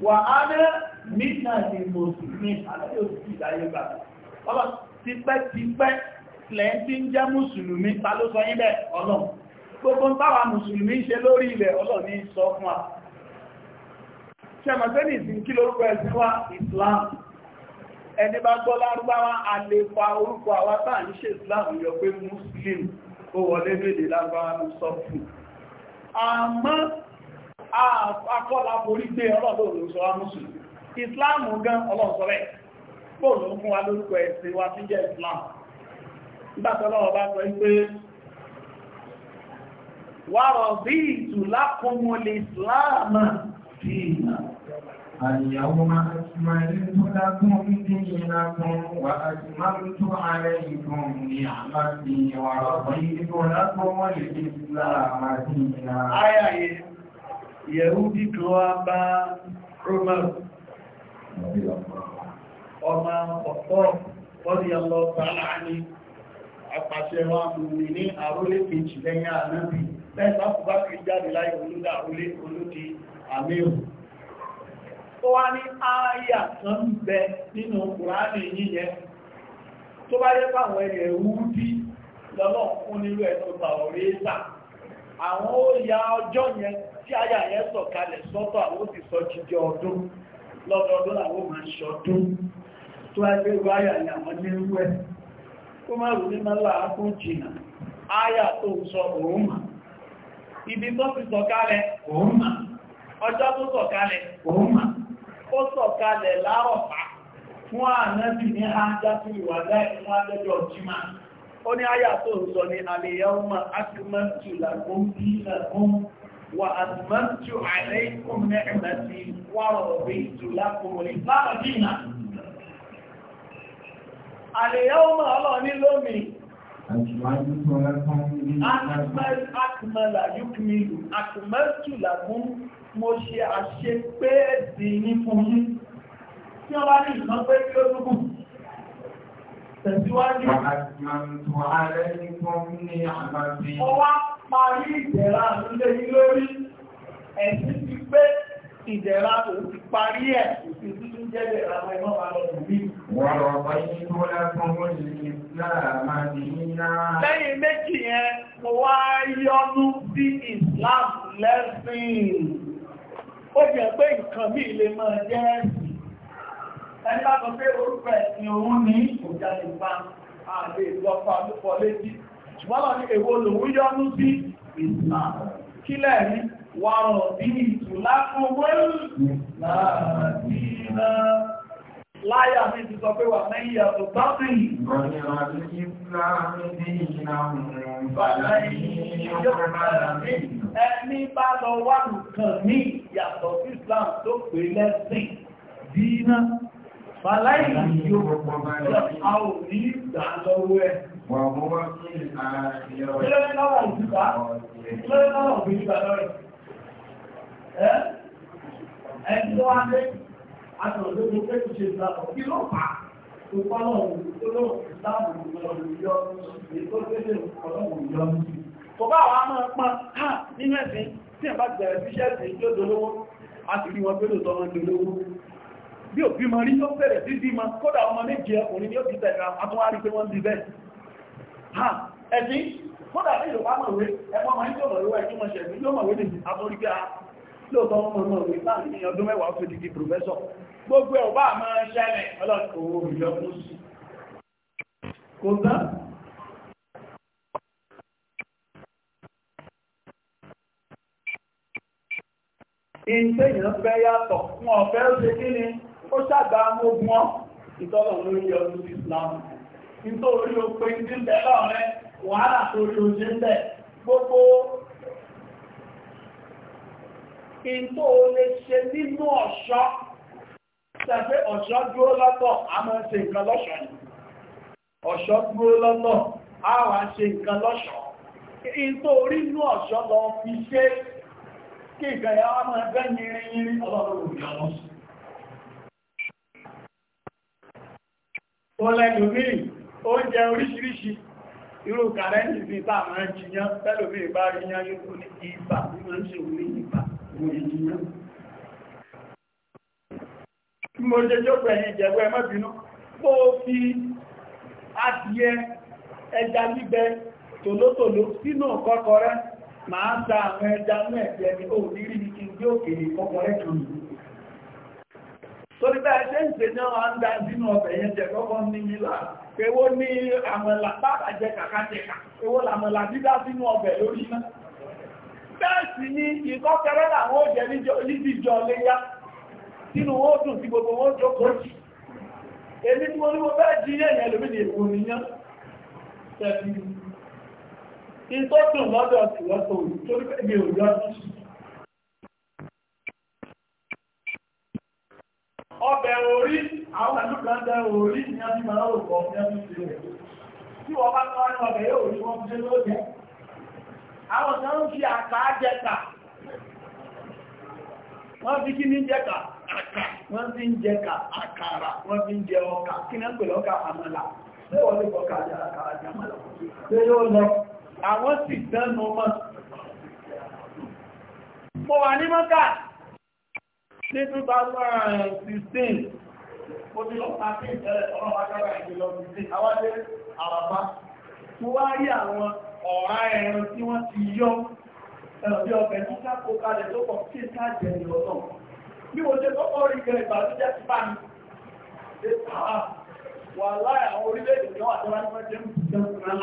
Speaker 1: wà á náà mítà ní mùsùlùmí aláyé òsì ìdáyé gbà ọlọ́ tipẹ́tipẹ́ lẹ́ntí ń jẹ́ mùsùlùmí ta ló sọ yín bẹ́ẹ̀ ọlọ́ gbogbo táwa mùsùlùmí ṣe lórí ilẹ̀ ọlọ́ ní sọ fún wa ṣẹ́mọ̀sẹ́nì ìsìn kí lórúkọ ẹ̀sìn wa Islam ẹni bá gbọ́ lárúbáwá àlefa orúkọ àwa tá à ń ṣe Islam yọ pé muslim ó wọlé méde lárúbáwá ló sọ fún àmọ́ akọ́lá borí pé ọlọ́dọ̀ ló sọ amúsù ìsìláàmù gan ọlọ́sọ̀rẹ́ bóòlù fún wa lórúkọ ẹ̀sìn wa tí jẹ́ ìsìláàmù nígbàtọ́lọ́wọ́ bá sọ pé wà rọ̀bí ìtù lákùnmọ̀lì ìsìláàmù dìínà اليوم أكملت لكم دينكم وأتممت عليكم نعمتي ورضيت لكم الإسلام دينا yẹ̀húdí kan a bá roman ọmọ ọ̀pọ̀ lọ́dí ọlọ́pàá láàrin apàṣẹ wa mùmí ní àrólé kejì lẹ́yìn ànábì lẹ́gbà fúgbà kìí jáde láì olódà àrólé olódi àmíhù tó wá ní ààyà kan bẹ nínú kùránì yíyẹ tó bá tí àyà yẹn sọ kalẹ̀ sọ́tọ̀ àwọn sọ jíjẹ ọdún lọ́dọọdún àwọn máa ń ṣọdún tó ẹgbẹ́ ìwọ àyà ni àwọn ní wẹ́ kó má rò ní mọ́lá ápùn jìnà àyà tó sọ òun ibi tó ti sọ kalẹ̀ ọjọ́ tó sọ kalẹ̀ ó sọ kalẹ̀ fún ní ó ní àyà وأتممت عليكم نعمتي ورضيت لكم الإسلام دينا اليوم الله نلومي أكمل أكمل يكمل أكملت لكم mo ṣe àṣẹ pé ẹ̀sìn ní fún yí tí wọ́n bá parí ìdẹ̀ra nílé yí lórí ẹ̀sìn ti pé ìdẹ̀ra kò ti parí ẹ̀ kò sí títí jẹ́ ìdẹ̀ra wọn ẹ̀mọ́ wa lọ́dún bí. tó lẹ́kùn ó lè láàmà ní iná. lẹ́yìn Islam lẹ́sìn ó jẹ́ pé nǹkan míì lè máa jẹ́ ẹ̀sìn ẹni bá sọ pé òun ní ṣùgbọ́n ní èwo lòun yọ́nú sí ìsìnà kílẹ̀ ní wọ́n bí ìtùlá fún wẹ́lú náà sí iná láyà ní ti sọ pé wà lẹ́yìn àtò tábí ẹni bá lọ wà nìkan ní yàtọ̀ Islam tó pè lẹ́sìn dínà fàláìlì yóò pọ̀ bá ní ìgbà lọ́wọ́ ẹ̀ Wàhúwá sí ààrẹ ọ̀rẹ́ lọ́wọ́ ìjúbà lọ́wọ́ ìjúbà lọ́rẹ̀. Ẹ́ ẹ́ tí wá lé, a tọ̀rọ̀ lórí pé kìí ṣe ìlànà kí ló fà tó pálọ̀ ìgbòlò ìdáàbò ìgbòlò ìyọ́ ìgbòlò ìgbòlò ìyọ́ Kò bá wà máa pán ká nínú ẹ̀sìn tí ẹ̀bá gbẹ̀rẹ̀ bí ṣẹ́ẹ̀sì tí ó dolówó, a sì rí wọn pẹ̀lú tọ́wọ́n dolówó. Bí òbí mọ̀ rí tó bẹ̀rẹ̀ sí bí mọ̀ kódà ọmọ méje ọkùnrin ni ó ti tẹ̀ra, a tún wá rí pé wọ́n ti bẹ́ẹ̀ ẹ̀sìn kódà ní ìlú pàmọ̀wé ẹgbọ́n máa ń jọ mọ̀wé ẹjú mọ̀ ṣẹ̀mí yóò mọ̀wé nìyí amóríkà lóòtọ́ wọn mọ̀ mọ̀wé láàrin ọdún mẹ́wàá ó fi di pòfẹ́sọ̀ gbogbo ẹ̀ bá máa ṣẹlẹ̀ ọlọ́kọ̀ọ́ ìyọkún sí kò tán ìtẹ́yìn fẹ́ yàtọ̀ fún ọ̀fẹ́ ó ṣe kí ni ó ṣàgbà mọ́gbọ́n ìtọ́lọ̀ lórí ọdún Islam nítorí òpin tí ń bẹ lọ́rẹ́ wàhálà tó ṣojú ń bẹ gbogbo ìntó lè ṣe nínú ọ̀ṣọ́ tẹ́fẹ́ ọ̀ṣọ́ dúró lọ́tọ̀ a máa ṣe nǹkan lọ́ṣọ́ ni ọ̀ṣọ́ dúró lọ́tọ̀ a wà ṣe nǹkan lọ́ṣọ́ ìntó orí inú ọ̀ṣọ́ lọ fi ṣe kí ìgbẹ̀yà wá máa bẹ́ yìnrin oúnjẹ oríṣiríṣi irú kàrẹ́ǹtì fi tá àmà ń jiyán pẹ́lú bí ìbá rí yán yóò ní ìbà bí ń ṣe òun ní ìbà òun mo ìjẹ̀wọ́ bínú kó o fi ẹja tòlótòló sínú kọ́kọrẹ́ máa ń àwọn ẹja ẹ̀jẹ̀ ní rí n kọ́kọrẹ́ kan ṣe náà ń da sínú ọbẹ̀ yẹn kọ́kọ́ ewó ní àmọ̀là bàbà jẹ kàkàjẹkà ewó làmọ̀là dídá sínú ọbẹ̀ lórí iná bẹ́ẹ̀sì ni ìkọ́kẹrẹ́ làwọn ó jẹ nídìjọ léyá sínú ó dùn sí gbogbo wọn jókòó jì èmi tí mo ní mo bẹ́ẹ̀ jí yẹ̀yẹ̀ lómi ní èkó nìyàn tẹ̀sí ní tó dùn lọ́dọ̀ sí lọ́tọ̀ òní tó ní pẹ̀lú òní ọdún sí ọbẹ̀ orí àwọn àlúkàndẹ̀ orí ní a ti máa rò pọ̀ ní a ti ṣe rẹ̀ tí wọ́n bá tọ́ ní ọbẹ̀ yóò rí wọ́n ṣe lóòjẹ́ àwọn tó ń fi àkà jẹta wọ́n fi kí ní jẹta àkà wọ́n fi ń jẹka àkàrà wọ́n fi ń jẹ ọkà kí ní pẹ̀lú ọkà àmàlà Àwọn sì tẹ́nu Mo wà ní mọ́kà ní 2016 mo ti lọ pàtí ìtẹ́lẹ̀ ọlọ́pàá kára ìgbìlọ́ àwádé àràbá tó wá rí àwọn ọ̀rá ẹran tí wọ́n ti yọ ẹ̀rọ̀bí ọ̀fẹ́ tó kápò kalẹ̀ tó pọ̀ sí ìtajẹ̀ ìrọ̀lọ́ bí mo ṣe kọ́kọ́ rí gẹ̀rẹ̀ ìgbàlójẹ́ ti bá mi ah, wà láì àwọn orílẹ̀-èdè kan wà tó wá ní wọ́n jẹ́ ìjẹun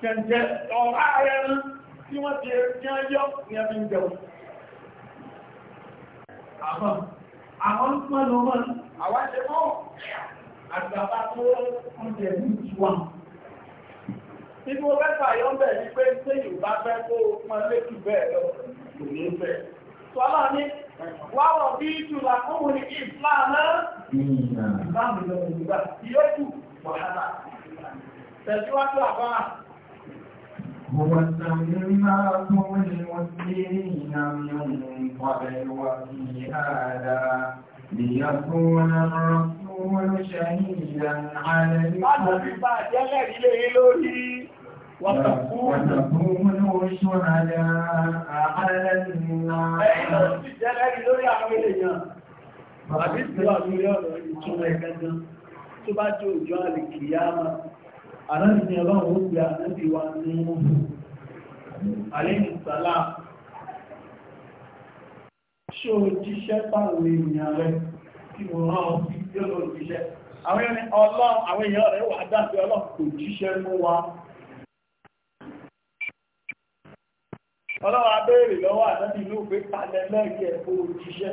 Speaker 1: kẹ̀ǹjẹ̀ ọ̀rá ẹran tí wọ́n ti yọ ní ẹbí ìjẹun àmọ́ àwọn pọ́n lọ mọ́ àwáṣẹ́ mọ́ àgbàbá tó ń jẹ̀ ní ìwà nínú mẹ́fà yọ́n bẹ̀ ní pé tí yìí bá fẹ́ kó pọn létí bẹ́ẹ̀ lọ kò ní bẹ̀. Sọ́lá ní wáwọ̀ bí ìtura kóhù ní ìsìláàmù ìsìláàmù هو سماكم المسلمين من قبل وفي هذا ليكون الرسول شهيدا على وتكونوا شهداء على الناس Àbí ìgbìyànjú yọ́ ìtumọ̀ ẹ̀kẹ́jọ́ tó bá jẹ́ aláàrin ọlọ́run ó gbé àtẹ́bí wa ní àlẹ́yìn sàlá ṣó jíṣẹ́ pàwọn èèyàn rẹ̀ tí mo rán ọ sí tí ó lọ jíṣẹ́ àwọn ẹni ọlọ́run àwọn èèyàn rẹ̀ wà dábí ọlọ́run kò jíṣẹ́ mú wa ọlọ́run abẹ́rẹ̀ lọ́wọ́ àtẹ́bí ló gbé palẹ̀ lẹ́yìn ẹ̀kọ́ òjíṣẹ́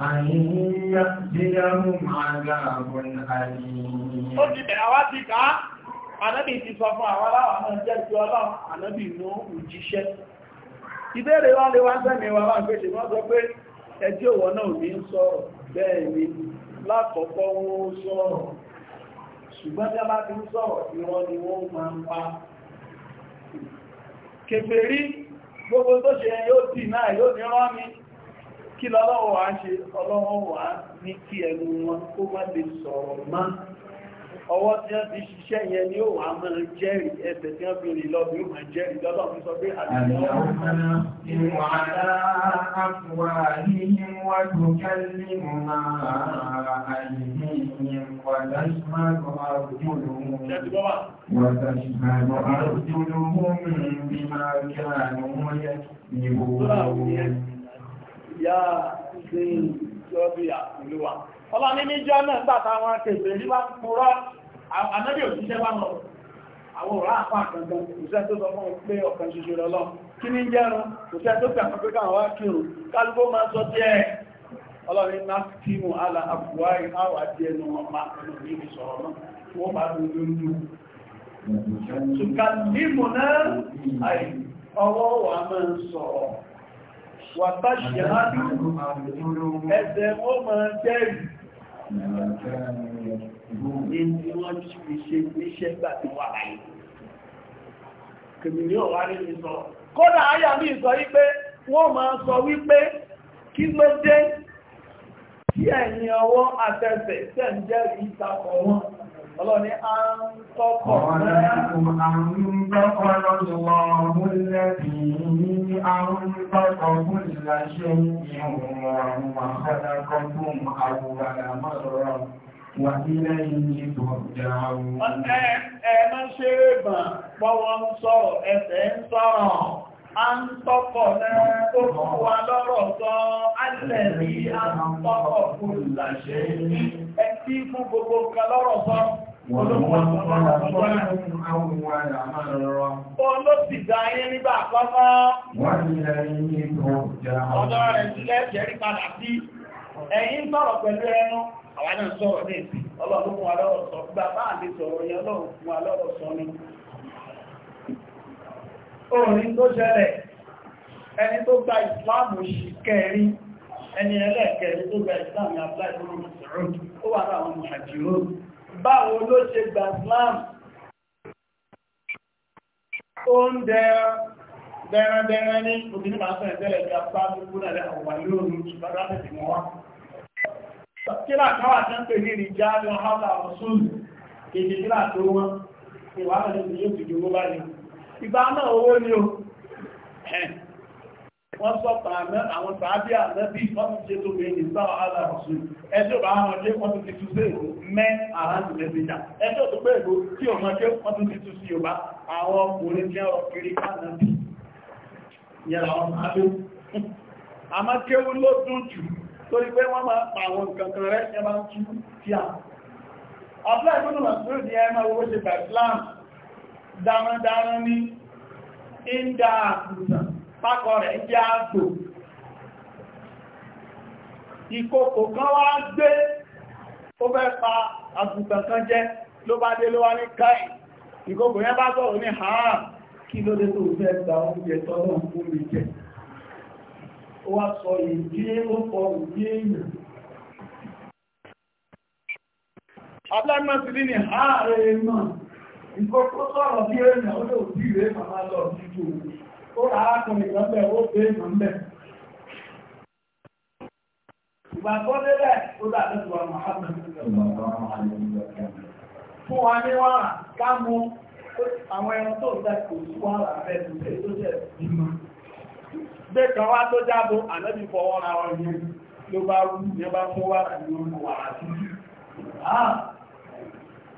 Speaker 1: أن يأتيهم عذاب أليم Ànábì ti sọ fún àwọn àwọn jẹ́ ti ọlọ́run, ànábì inú òjíṣẹ́. Ìbéèrè wá lé wá sẹ́mi wa wá pé ṣe wọ́n sọ pé ẹjí òwò náà so ní eji bẹ́ẹ̀ ni lákọ̀ọ́kọ́ ni ma pa. gbogbo ṣe kí lọ́lọ́wọ́ wá ṣe ọlọ́wọ́ wá ní kí ẹnu wọn kó má lè sọ̀rọ̀ má ọwọ́ tí wọ́n ti ṣiṣẹ́ yẹn ni ó wà máa jẹ́rìí ẹsẹ̀ tí wọ́n fi rìn lọ bí ó máa jẹ́rìí lọ́lọ́ fi yá ṣe ìjọbi àkùlúwà ọlá ní níjọ́ náà gbàtà wọn kèfèé ní wá kúrọ́ ànábì òṣìṣẹ́ wá lọ àwọn ọ̀rá àpá àkànkan òṣìṣẹ́ tó sọ fún pé ọ̀kan ṣoṣo lọ́lọ́ kí ní jẹ́rún òṣìṣẹ́ tó kẹ̀kọ́ pé káwọn wá kírun kálukó máa sọ díẹ̀ ọlọ́rin náà tí mú ala àbúwárí àwọn àti ẹnu ọmọ ẹnu níbi sọ̀rọ̀ náà tí wọ́n bá ní lórí ṣùgbọ́n mímú náà ọwọ́ wà máa ń sọ̀rọ̀ wà bá ṣe hádù ẹsẹ̀ wọ́n máa jẹ́rì ní wọ́n fi ṣe níṣẹ́ gbà tí wà láyé kìmìlì ọ̀wá rí mi sọ kódà àyà mi sọ wípé wọ́n máa sọ wípé kí ló dé tí ẹ̀yìn ọwọ́ àtẹsẹ̀ tẹ̀ ń jẹ́rìí ìtakọ̀ wọn ọlọ́ni a ń tọ́kọ̀ Wàtílẹ̀ ìní ìbọ̀dá ohun. Ẹmọ ṣe bà pọ́wọ́ ń sọ̀rọ̀ ẹsẹ̀ ń sọ̀rọ̀, a ń tọ́kọ̀ náà tó fún wa lọ́rọ̀ sọ, a lẹ̀ rí a ń tọ́kọ̀ fún ìlàṣẹ́ ẹ̀tí fún gbogbo kan lọ́rọ̀ sọ. Olóòsìdá ayé Wọ́n ni rẹ̀ ní ìsìn. Ọlọ́run fún wa lọ́rọ̀ sọ. Gbà bá àdé sọ̀rọ̀ yẹn Ọlọ́run ni. tó gba ìsìláàmù ṣì kẹrin, ẹni báwo ló ṣe gbà Islam ó ń dẹran dẹran ní obìnrin máa fẹ́ tẹ́lẹ̀ ní apá gbogbo náà àwọn wàlú òun ìbára tẹ̀sí wá kílà káwà tẹ́ ń pè ní ìrìjá ní wọ́n sọ́pàá àwọn sàábí àmẹ́bí wọ́n ti ṣe tó bèèrè sáwọ́ aláàrùsù ẹjọ́ bá wọn jẹ́ wọ́n ti tún sí èrò men around the messenger ẹjọ́ tó pé èrò tí ọmọ jẹ́ wọ́n ti tún sí yorùbá àwọn ọkùnrin jẹ́ ọkiri kánàbí yẹra wọn abẹ́ àmá kéwú ló dùn jù torí pé wọ́n máa pa àwọn kankan rẹ̀ ẹ máa ń tú tí pákọ rẹ̀ jẹ́ àgbò ìkòkò kan wá gbé ó fẹ́ pa àgùntàn kan jẹ ló bá dé ló wá ní káì ìkòkò yẹn bá sọ̀rọ̀ ní àárá kí ló dé tó fẹ́ gba oúnjẹ tọ́lọ́ fún mi jẹ ó wá sọ ìdí ó fọ ìdí èèyàn abúlámọ́ sí ní ààrẹ náà ìkòkò sọ̀rọ̀ bí èèyàn ó lè òbí rẹ̀ ó rà ákùnrin kan bẹ̀ ó dé ìmọ̀ bẹ̀. ìgbà tó débẹ̀ ó dàbí ìwà Muhammad fún wa ní wàrà ká mú àwọn ẹran tó dá kò sí wàrà rẹ̀ tó dé tó dẹ̀ bímọ. Gbé kan wá tó jábọ̀ ànábì fọwọ́ ra wọn yẹn ló bá rú ní ọba fún wàrà ní ọmọ wàrà sí. Ah!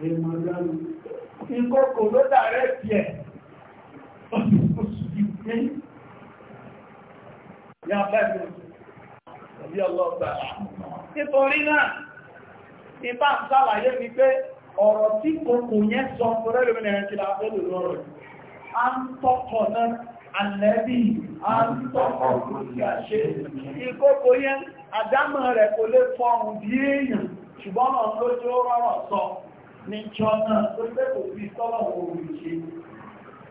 Speaker 1: Èèmọ̀ ìkókò ló dàrẹ́ tiẹ̀ ní ní abẹ́bẹ̀ ọ̀bí ọlọ́gbà nítorí náà ipá ń sàlàyé ní pé ọ̀rọ̀ tí kòkò yẹn sọ fúrẹ́lùmínà Àlẹ́bí a ń tọ́kọ̀ lórí àṣẹ. Ìkókò yẹn, àdámọ̀ rẹ̀ kò lè fọ́rùn bí èèyàn, ṣùgbọ́n náà lójú ó rọrọ̀ sọ ní jọ náà tó lẹ́kòó bí tọ́lọ̀ òun ṣe.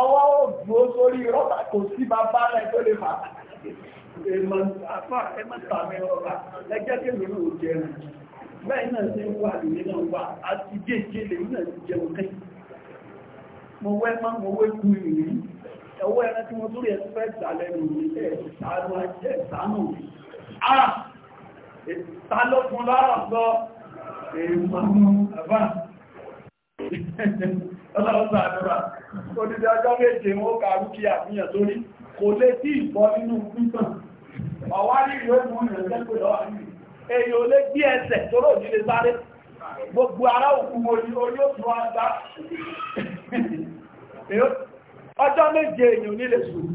Speaker 1: ọwọ́ ó dúró sórí rọ́bà kò sí bàbá rẹ̀ tó lè fà èèmọ̀ àfà ẹmọ́ta mi ọ̀rọ̀ ẹjẹ́ kí lórí òjẹ́ rẹ̀ bẹ́ẹ̀ náà sí wà lórí náà wà àti jẹ́jẹ́ lè náà ti jẹun kẹ́ mo wẹ́ má mo wé kú ìrí ẹwọ́ ẹran tí mo tó rí ẹ fẹ́ ìsàlẹ̀ nù ní ẹ̀ sàánú ẹjẹ́ sàánú ara ta ló fún sọ èèmọ̀ àfà ọlọ́pàá àdúrà odidi ọjọ́ méje wọ́n ká rúkí àfihàn torí kò lè tí ìbọn nínú pípọ̀n ọ̀wárí ìwé mú ìrìnlẹ́ pẹ̀lú àárín èyí ò lè gbí ẹsẹ̀ tóró òjìlé sáré gbogbo ará òkú orí òtún àgbá ọjọ́ méje èyí ò nílé sùn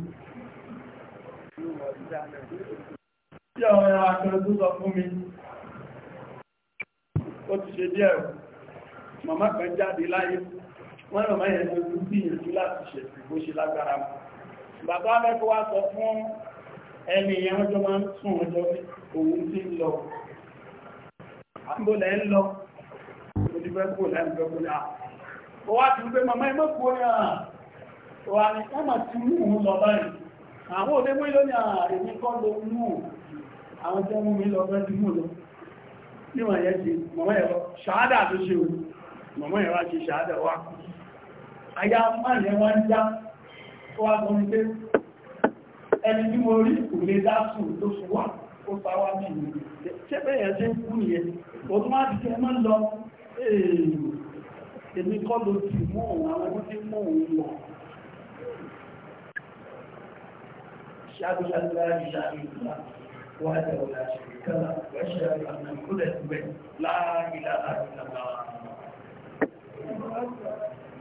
Speaker 1: Màmá kan jáde láyé wọ́n rọ̀ mẹ́rin ló tún gbìyànjú láti ṣẹ̀sì bó ṣe lágbára bàbá mẹ́kọ́ wá sọ fún ẹni ìyẹn ọjọ́ máa ń tún ọjọ́ òun tí ń lọ àbúlẹ̀ ń lọ onífẹ́kù lẹ́gbẹ̀kù náà ó wá ti gbé màmá ẹgbẹ́kù ní àà wà ní ọmọ tí mú òun lọ báyìí àwọn òdé mú ìlú ní ààrẹ ní ti mọ̀mọ́ ẹ̀rọ ṣàádà tó ṣe òun mọ̀mọ́ ẹ̀rọ ṣe ṣàádà wá àyà mánẹ̀ wọ́n ń já tó wá gọ́n pé ẹni tí mo rí kò lè dásù ló fi wà ó sáwá ní ìlú ṣé pé ẹ̀ ṣe ń kú yẹ òun má ti kẹ mọ́ lọ èmi kọ́ ló ti mú òun àwọn tó ti mú òun lọ ṣáàbíṣáàbí láàrín ìṣàrí ìlú wáyé ọ̀la ṣe kọ́lá wáṣẹ́ àmì kúlẹ̀ ìgbẹ̀ láàrín ìlànà ìlànà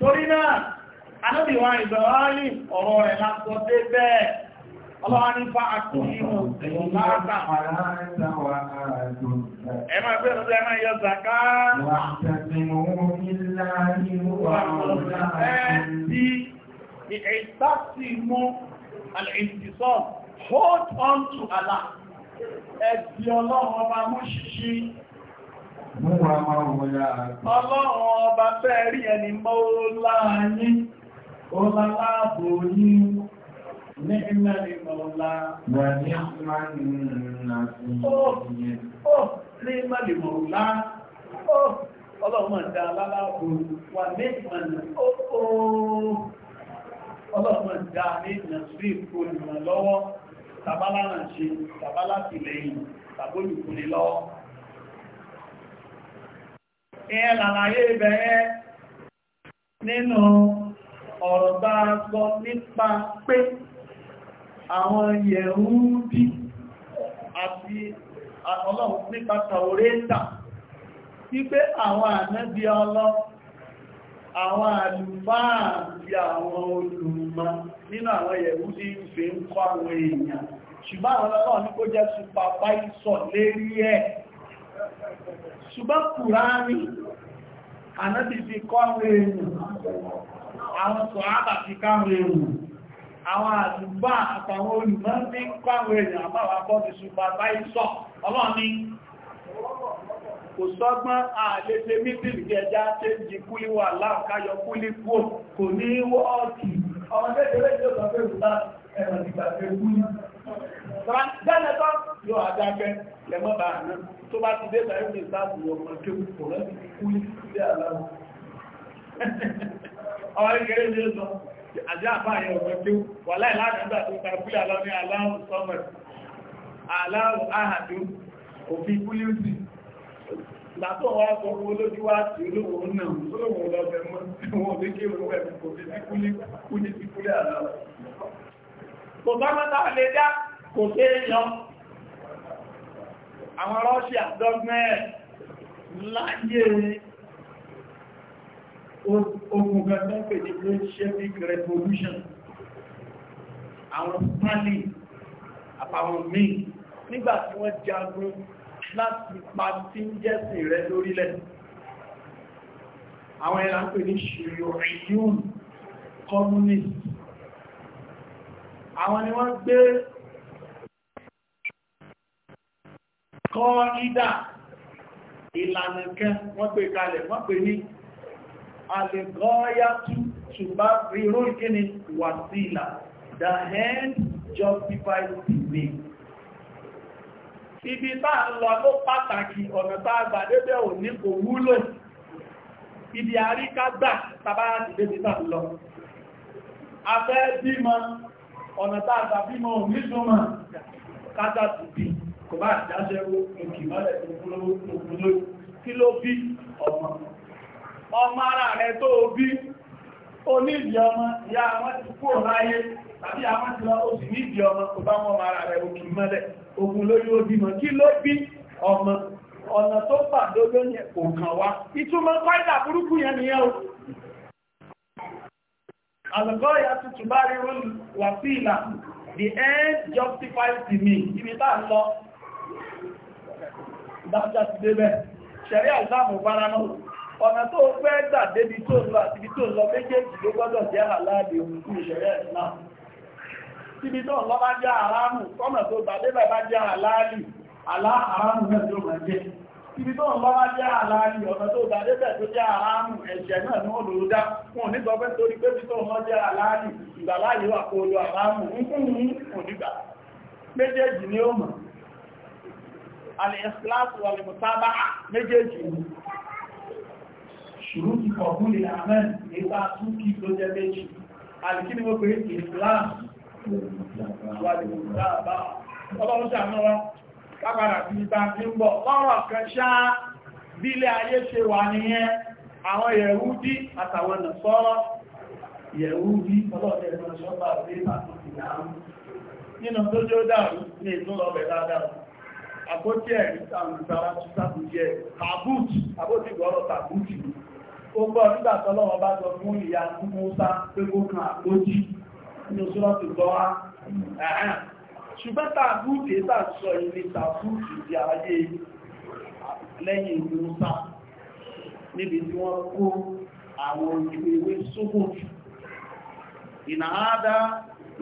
Speaker 1: torí náà anábìwọ̀n ìgbẹ̀wọ́lì ọ̀rọ̀ rẹ̀ lásọ dé bẹ́ẹ̀ ọlọ́wọ́ ní fa àkùnrin ìlú láàrín àwọn aráàlẹ́sàwà ààrùn ẹ̀mà pé ọdún ẹ̀mà yọ zàká wà tẹ̀sí mú ilá ìlú àwọn ọ̀rọ̀ ẹ̀ tí ìtàkì mú Mú wa máa wọ yára. Ọlọ́run ọba fẹ́ rí ẹni mọ́ láàáyín, ó láláàbò yín ní ìmẹ́rin mọ́lá. Wà ní ìmẹ́rin mọ́lá. Ó, ọlọ́run máa dá láláàbò wà ní ìmẹ́rin ọlọ́run dá ní nàìjírí tàbálá náà ṣe tàbálá tìlẹ́yìn tàbólùkúnlé lọ́wọ́ ìyẹn làlàyé ìbẹ̀rẹ̀ nínú ọ̀rọ̀ bá sọ nípa pé àwọn yẹ̀húdí àti ọlọ́run nípa tàórẹ́ta wípé àwọn ànábí ọlọ́ àwọn àlùfáà àti àwọn olùmọ̀ nínú àwọn yẹ̀húdí ìfẹ́ ń kọ́ àwọn èèyàn ṣùgbọ́n àwọn ọlọ́run ní kó jẹ́ supervisor lérí ẹ̀ ṣùgbọ́n kùránì ànábì fi kọ́rùn èèyàn àwọn sọ̀hábà fi kárùn èèyàn àwọn àdúgbà àtàwọn olùmọ́ ní kọ́rùn èèyàn àbáwà bọ́dì supervisor ọlọ́ni kò sọ́gbọ́n àlẹ́sẹ̀ kò kẹmọ́ bá àná tó bá ti dé sáré ní ìsáàbù ọmọ tó kò lọ́sí kú ilé aláwọ̀ ọmọ kékeré ní ó sọ àti àbáyẹ ọmọ tó wà láì láàrín tó ta kúlẹ̀ aláwọ̀ ní aláwọ̀ sọmọ̀t aláwọ̀ ahàdó òfin kúlẹ̀ sí látọ̀ wá sọ owó lójú wá sí olówó náà olówó lọ́fẹ́ mọ́ wọn lé kí olówó ẹ̀mí kò fi sí kúlẹ̀ kúlẹ̀ lè dá kò sí èèyàn àwọn Russia government láyé ogun gẹ̀ẹ́gẹ́ pè ní Bolshevik revolution àwọn Stalin àpàwọn míì nígbàtí wọ́n jagun láti pa tí ń jẹ́sìn rẹ lórílẹ̀ àwọn ẹ̀rà ń pè ní ṣìyọ̀ communist àwọn ni wọ́n gbé kọ́ ìdá ìlànà kan wọ́n pè kalẹ̀ wọ́n pè ní alẹ́gọ́yàtú ṣùgbá ríró ìkíni wàsílà the hand justifies the way ibi tá ń lọ ló pàtàkì ọ̀nà tá gbàdébẹ̀ ò ní kò wúlò ibi àríká gbà tàbá láti débi tá ń lọ afẹ́ bímọ ọ̀nà tá gbà bímọ ò ní súnmọ̀ kátà tù bíi kò bá dáṣẹ́wó òkè mọ́lẹ̀ òkúlówó kí ló bí ọmọ ọmọ ara rẹ̀ tó bí ó níbi ọmọ ìyá àwọn ti kó láyé tàbí àwọn ti lọ ó sì níbi ọmọ kò bá wọn ara rẹ̀ òkè mọ́lẹ̀ òkúlówó bímọ kí ló bí ọmọ ọ̀nà tó pàdó lóyìn the end justifies the means Give me that law ìbájá ti débẹ̀ ṣẹ̀rí àìsàmù fara náà ọ̀nà tó fẹ́ gbà débi tó lọ àti ibi tó lọ méjèèjì ló gbọ́dọ̀ jẹ́ àláàdì ohun fún ìṣẹ̀rí ìsìlámù tíbi tó lọ bá jẹ́ àrámù ọ̀nà tó gbà débẹ̀ bá jẹ́ àláàlì aláàrámù náà tó máa jẹ́ ibi tó ń bá wá jẹ́ àláàrí ọ̀nà tó bá débẹ̀ tó jẹ́ àráàmù ẹ̀ṣẹ̀ náà ní olóòrò dá fún onítọ́fẹ́ torí pé bí tó ń bá jẹ́ àláàrí ìgbàláyé wà kó olú àráàmù ń fún ní onígbà méjèèjì ni ó mọ̀ alìsíláàtù alìmùtábà méjèèjì ṣùrù ti kọ̀kún lè àmẹ́ ìgbà tún kí ló jẹ́ méjì alìkí ni wọ́n pè ìsìláàtù alìmùtábà ọlọ́run ṣàmọ́ra kápára ti ta fi ń bọ̀ lọ́rọ̀ kan ṣáá bí ilé ayé ṣe wà nìyẹn àwọn yẹ̀húdí àtàwọn nàṣọ́rọ̀ yẹ̀húdí ọlọ́ọ̀dẹ̀ ìrìnṣọ́bà rí àtúntì náà nínú tó jẹ́ ó dàrú ní ìtúnlọ́bẹ̀ dáadáa àbójẹ́ ẹ̀rí tàbí sára tún sábújẹ́ tàbút àbójì gbọ́rọ̀ tàbútì ó gbọ́ nígbà tọ́lọ́wọ́ bá sọ fún ìyá Mùsá pé kó kan àbójì ní oṣúlọ́ ti gbọ́ wá ṣùgbọ́n tàbútì tàṣọ ilé tàbútì di ayé lẹ́yìn Mùsá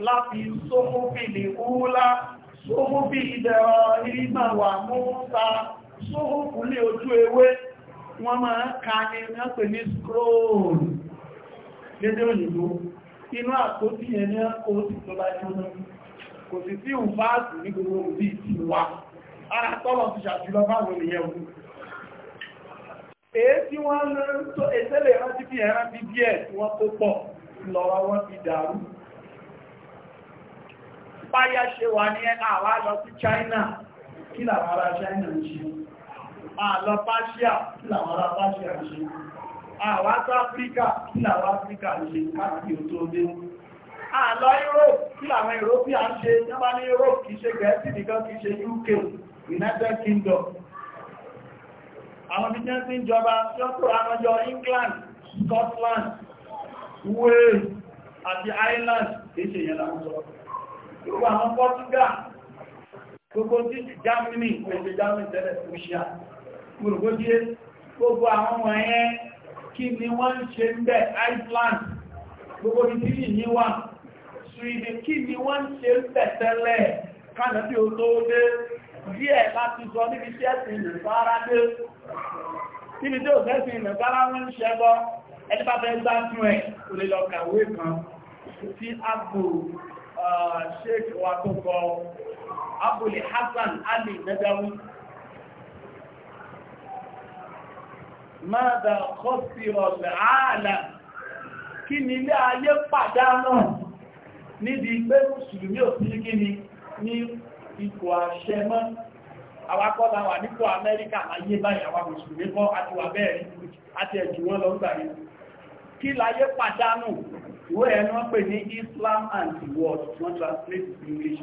Speaker 1: láti sóhún bí ìdẹ̀rọ ìrìnmà wà mú ta sóhún kúlé ojú ewé wọ́n máa ń ka ní wọ́n pè ní scroll lédè òyìnbó inú àkótí yẹn ní àkótí tó bá jóná kò sì sí ìfáàsì ní gbogbo òbí ti wà ara tọ́lọ̀ ti ṣàjúlọ báwọn ènìyàn wù èé tí wọ́n lọ́rọ̀ tó ètẹ́lẹ̀ rántí bí ẹran bí díẹ̀ wọ́n tó pọ̀ lọ́wọ́ wọn ti dàrú báyá ṣe wà ní àwa lọ sí China kí làwọn ará China ń ṣe àlọ Persia kí làwọn ará Persia ń ṣe àwa Áfíríkà kí làwọn Áfíríkà ń ṣe káàkiri ò tó dé àlọ Europe kí làwọn European ń ṣe nígbà ní Europe kìí ṣe Gẹ̀ẹ́sì nìkan kìí ṣe UK United Kingdom àwọn ìjẹ́ sí ìjọba tí ó kúrò àmọ́jọ England Scotland Wales àti Ireland kìí ṣe yẹn láwọn sọ́rọ̀ gbogbo àwọn Portugal gbogbo tí Germany pèsè Germany tẹ́lẹ̀ Russia gbogbo gbogbo àwọn ọmọ kí ni wọ́n ń ṣe ń Iceland gbogbo ní tí ni wà Sweden kí ni wọ́n ń ṣe ń bẹ̀ tẹ́lẹ̀ kánàbí o tó dé díẹ̀ láti sọ níbi tí ẹ̀sìn dé kí ni tí ó fẹ́sìn wọ́n ń ẹni bá fẹ́ sheik wa tó kọ Hassan Ali Nadawi mada kọ́sìrọ̀ làálà kí ni ilé ayé pàdánù níbi pé mùsùlùmí ò sí kí ni ní ipò àṣẹ mọ́ àwákọ́lá wà nípò Amẹ́ríkà láyé báyìí àwa mùsùlùmí kọ́ àti wà bẹ́ẹ̀ àti ẹ̀jù wọn ìwé ẹni wọ́n ní Islam and the world wọ́n translate to English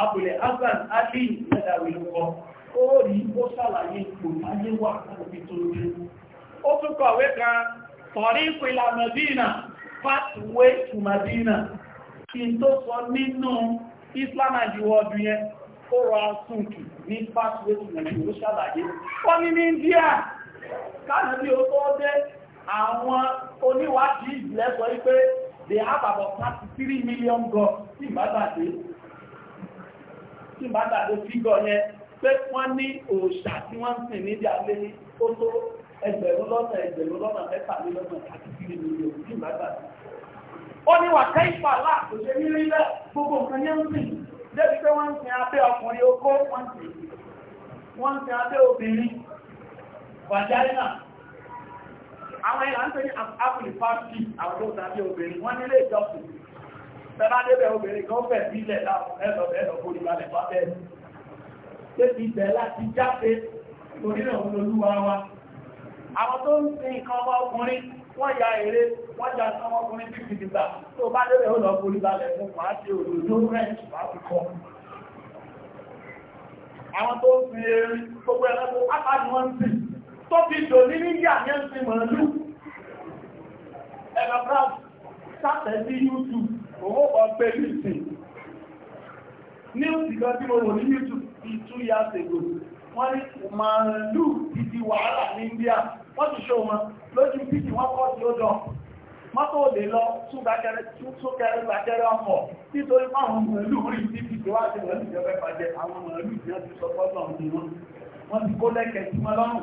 Speaker 1: abúlé Hassan Ali lẹ́dàrí oh, lọ́kọ́ ó rí ó ṣàlàyé ipò ayé wà láti tó Medina to Medina tó Islam and ó rọ asúnkì ní to Medina ó ṣàlàyé wọ́n ní ní India ó àwọn oníwádìí ìjìnlẹ̀ sọ wípé they have about thirty three million gods tí ìbádàdé tí ìbádàdé fígọ̀ yẹn pé wọ́n ní òòṣà tí wọ́n ń sìn ní ìdí alẹ́ ní ó tó ẹgbẹ̀rún lọ́nà ẹgbẹ̀rún lọ́nà mẹ́tàlélọ́gbọ̀n thirty three million tí ìbádàdé. ó ní wàkẹ́ ìfà láà kò ṣe ní rí bẹ́ẹ̀ gbogbo nǹkan yẹn ń sìn débi pé wọ́n ń sin abẹ́ ọkùnrin okó wọ́n ń sin abẹ́ obìnrin vagina àwọn èèyàn ń pè ní apple party àwọn tó tàbí obìnrin wọ́n nílé ìjọsìn tẹ́lá débẹ̀ obìnrin kan fẹ̀ sílẹ̀ láwọn ẹlọ́bẹ̀ ẹlọ́bẹ̀ oníbalẹ̀ bá bẹ́ẹ̀ tẹ́bí bẹ̀ láti jáde orílẹ̀ òun olúwa wa àwọn tó ń sin nǹkan ọmọ ọkùnrin wọ́n ya èrè wọ́n ya sọmọ ọkùnrin bí i dìgbà tó bá débẹ̀ ó lọ borí balẹ̀ fún wàá ṣe òdòdó rẹ̀ǹtì wàá fi kọ́ àwọn tó ń sin erin gbogbo ẹ̀rọ tó pápá ni wọ́n ń sìn tó fi dò ní níyà ní ẹ̀sìn màálù ẹ̀rọ brad sáfẹ́ sí YouTube owó ọgbẹ́ lùsìn ní òsìkọ́ tí mo wò ní YouTube ti two years ago wọ́n ní màálù ti di wàhálà ní India wọ́n ti ṣó wọn lójú títì wọ́n kọ́ sí ó jọ mọ́tò lè lọ súnkẹrẹ gbàkẹrẹ ọkọ̀ nítorí fáwọn màálù rí títì tó wá sí màálù ìjọba ìbàjẹ́ àwọn màálù ìjọba ti sọ fọ́tọ̀ ọ̀hún wọn ti kó lẹ́kẹ̀ẹ́ sí wọn lọ́rùn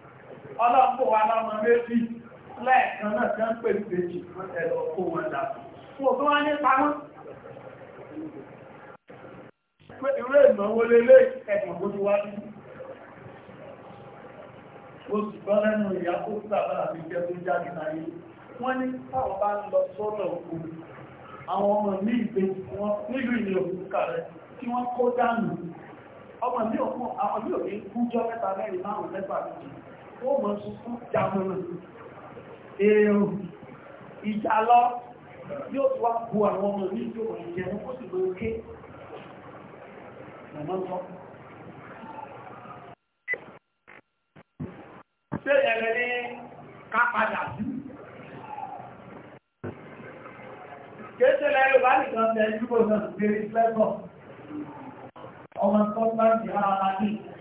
Speaker 1: ọlọ́pọ̀ wa lọ́mọ méjì lẹ́ẹ̀kan náà tí wọ́n pè ní méjì ẹ̀rọ kó wọn dà fún òtún wá ní pamọ́ pé irú ìnáwó lélé ẹ̀gbọ̀n bó ti wá ní oṣù kan lẹ́nu ìyá kó sábà àti jẹ́ tó jáde láyé wọ́n ní táwọn bá ń lọ sọ́dọ̀ òkú àwọn ọmọ ní ìgbé wọn nílùú ilé òkú kàrẹ tí wọ́n kó dànù ọmọ mi ò ní kú jọ mẹ́ta mẹ́rin márùn-ún mẹ́fà méjì ó mọ̀ tuntun jàmùrù èrò ìjàlọ yóò tó wá bu àwọn ọmọ ní ìjọ ìjẹ ó sì lóò ké mọ̀mọ́ sọ ṣé ẹ̀rẹ̀ ní kápadà sí kéèṣe lẹ́yìn bá nìkan tẹ́ ìjúbọ̀ náà gbé ìfẹ́ náà ọmọ tó ara ní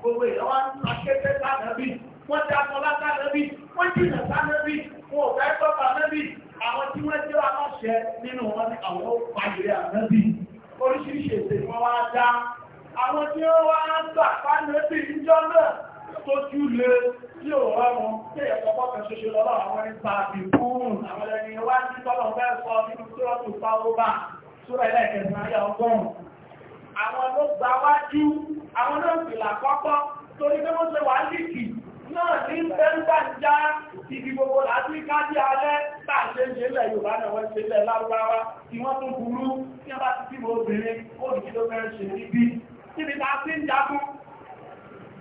Speaker 1: gbogbo ìyàwó akéde sánàbí wọ́n ti akọlá sánàbí wọ́n jìnà sánàbí wọn ò fẹ́ tọ́ka sánàbí àwọn tí wọ́n jẹ́ aláṣẹ nínú wọn ni àwọn pàdé ànábì oríṣiríṣi èdè ni wọ́n wá dá àwọn tí ó wá ń gbà sánàbí níjọ́ kan ṣoṣo lọ́lọ́ àwọn nípa àbìkún àwọn ẹni wá ní tọ́lọ̀ fẹ́ sọ nínú tí wọ́n tó pa ó bá àwọn ló gba wájú àwọn náà fìlà kọ́kọ́ torí pé wọ́n ṣe wà líkì náà ní bẹ́ńgbàjá ìdí gbogbo láti kájí alẹ́ táà ṣe ń ṣe ilẹ̀ Yorùbá náà wọ́n ṣe ilẹ̀ lárúbáwá tí wọ́n tún burú tí wọ́n bá ti bímọ obìnrin ó ní kí ló fẹ́ ṣe níbí níbi ta sí ń jagun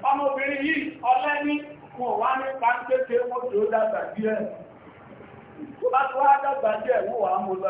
Speaker 1: ọmọbìnrin yìí ọlẹ́ni wọn wá ní pàǹtẹ́tẹ́ wọ́n tó dàgbà díẹ̀ tó bá tó wá dàgbà díẹ̀ wọ́n wà á mú lọ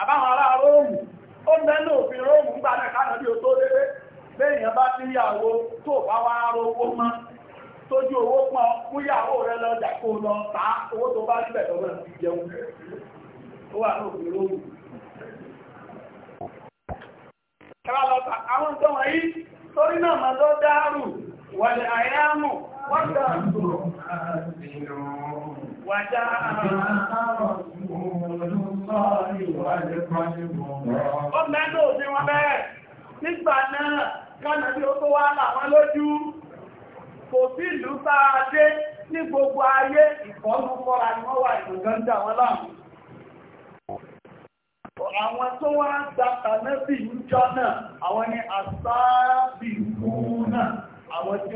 Speaker 1: àbáwọn ará róòmù ó mẹ́lò òfin róòmù ń gbà kánà bí o tó bá ti yàwó tó bá wá rówó mọ́ tójú owó pọ̀ fún yàwó rẹ lọ dàkó lọ ta owó tó bá níbẹ̀ lọ́wọ́ ti jẹun wà ní òfin róòmù àwọn wọ̀nyí torí náà ma lọ dáàrù wàlẹ̀ àyámù wọ́n dáàrù wàjá Ó mẹ́lò sí wọn bẹ́ẹ̀. Nígbà náà, kánà bí ó tó wá làwọn lójú, kò sí ìlú sáadé ní gbogbo ayé ni wọ́n wà Àwọn tó wá ń jọ náà, àwọn ni àwọn tí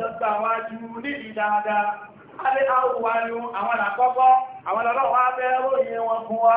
Speaker 1: ó ní ìdáadáa. àwọn àkọ́kọ́, àwọn wọn fún wa.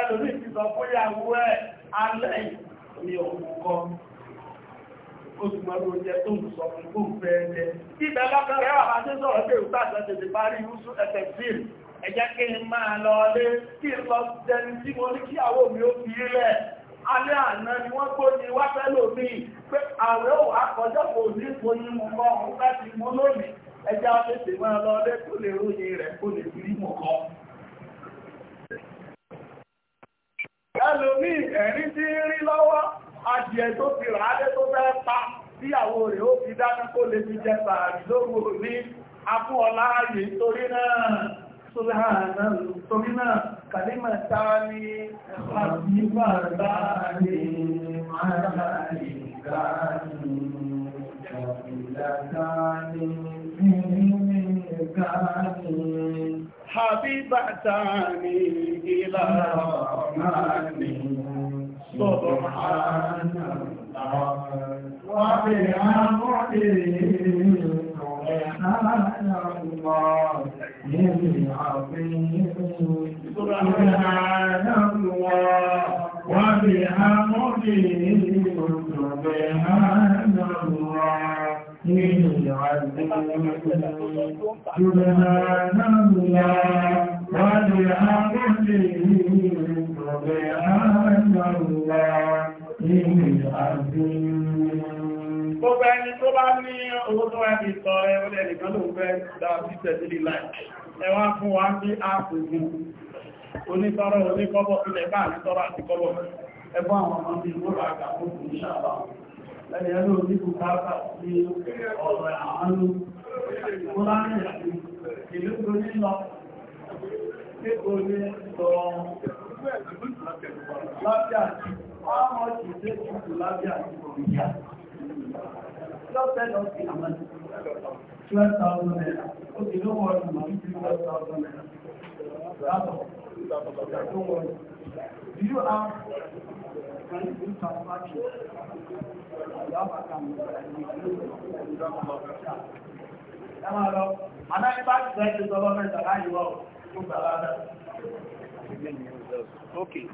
Speaker 1: ẹlòmí ti sọ fún ìyàwó ẹ̀ alẹ́ ni òun kọ oṣùmọ̀rọ̀ oúnjẹ tó ń sọ fún fún fẹ́ ẹ̀jẹ́ ibẹ̀ lọ́kọ̀ọ́rẹ́ wà máa tí sọ̀rọ̀ pé òun tàbí tètè parí ìrúsù ẹ̀tẹ̀ fíìl ẹ̀jẹ́ kí n máa lọ lé kí n lọ jẹni tí mo ní kí àwọ̀ mi ó fi ilẹ̀ alẹ́ àná ni wọ́n gbó ní wá fẹ́ lómi pé ààrẹ ò àkọjọ́ kò ní ìfòyín mú kọ́ òun láti mú lónìí ẹjẹ́ á tètè máa lọ lé kó lè ròyìn rẹ̀ kó lè rí mú kọ́ ẹlòmí ẹ̀rin tí ń rí lọ́wọ́ adìẹ tó ti rà ádé tó fẹ́ pa síyàwó rẹ̀ ó fi dáná kó lè fi jẹ sàárì lóòrò ní afún ọlá ayé torí náà torí náà kàlímà táà ní àbíbà ní حبيبتان إلى الرحمن سبحان الله وبحمده سبحان الله العظيم سبحان الله وبحمده سبحان الله Gbogbo ẹni tó bá ní owó tó wá ní sọ ẹ olè nìkan ló fẹ́ dáa sí tẹ̀sílì láì. Ẹwà fún wa ní àpògùn onítọ́rọ̀ oníkọ́bọ̀ ilẹ̀ bá àti tọ́rọ̀ àti kọ́bọ̀. Ẹgbọ́n àwọn ọmọ bí àgbà fún ìṣàbà lẹ́yìn ẹ̀lú oníkù káàkà ní ọ̀rọ̀ àánú tó láàrin àti ìlú tó nílọ tí ó ní lọ lábíà tí ọmọ ti dé ìlú lábíà tí kò rí yá lọ́pẹ́ lọ sí àmà 12,000 naira ó ti ló wọ́n ìmọ̀ ní 12,000 naira látọ̀ látọ̀ látọ̀ Do you have Okay.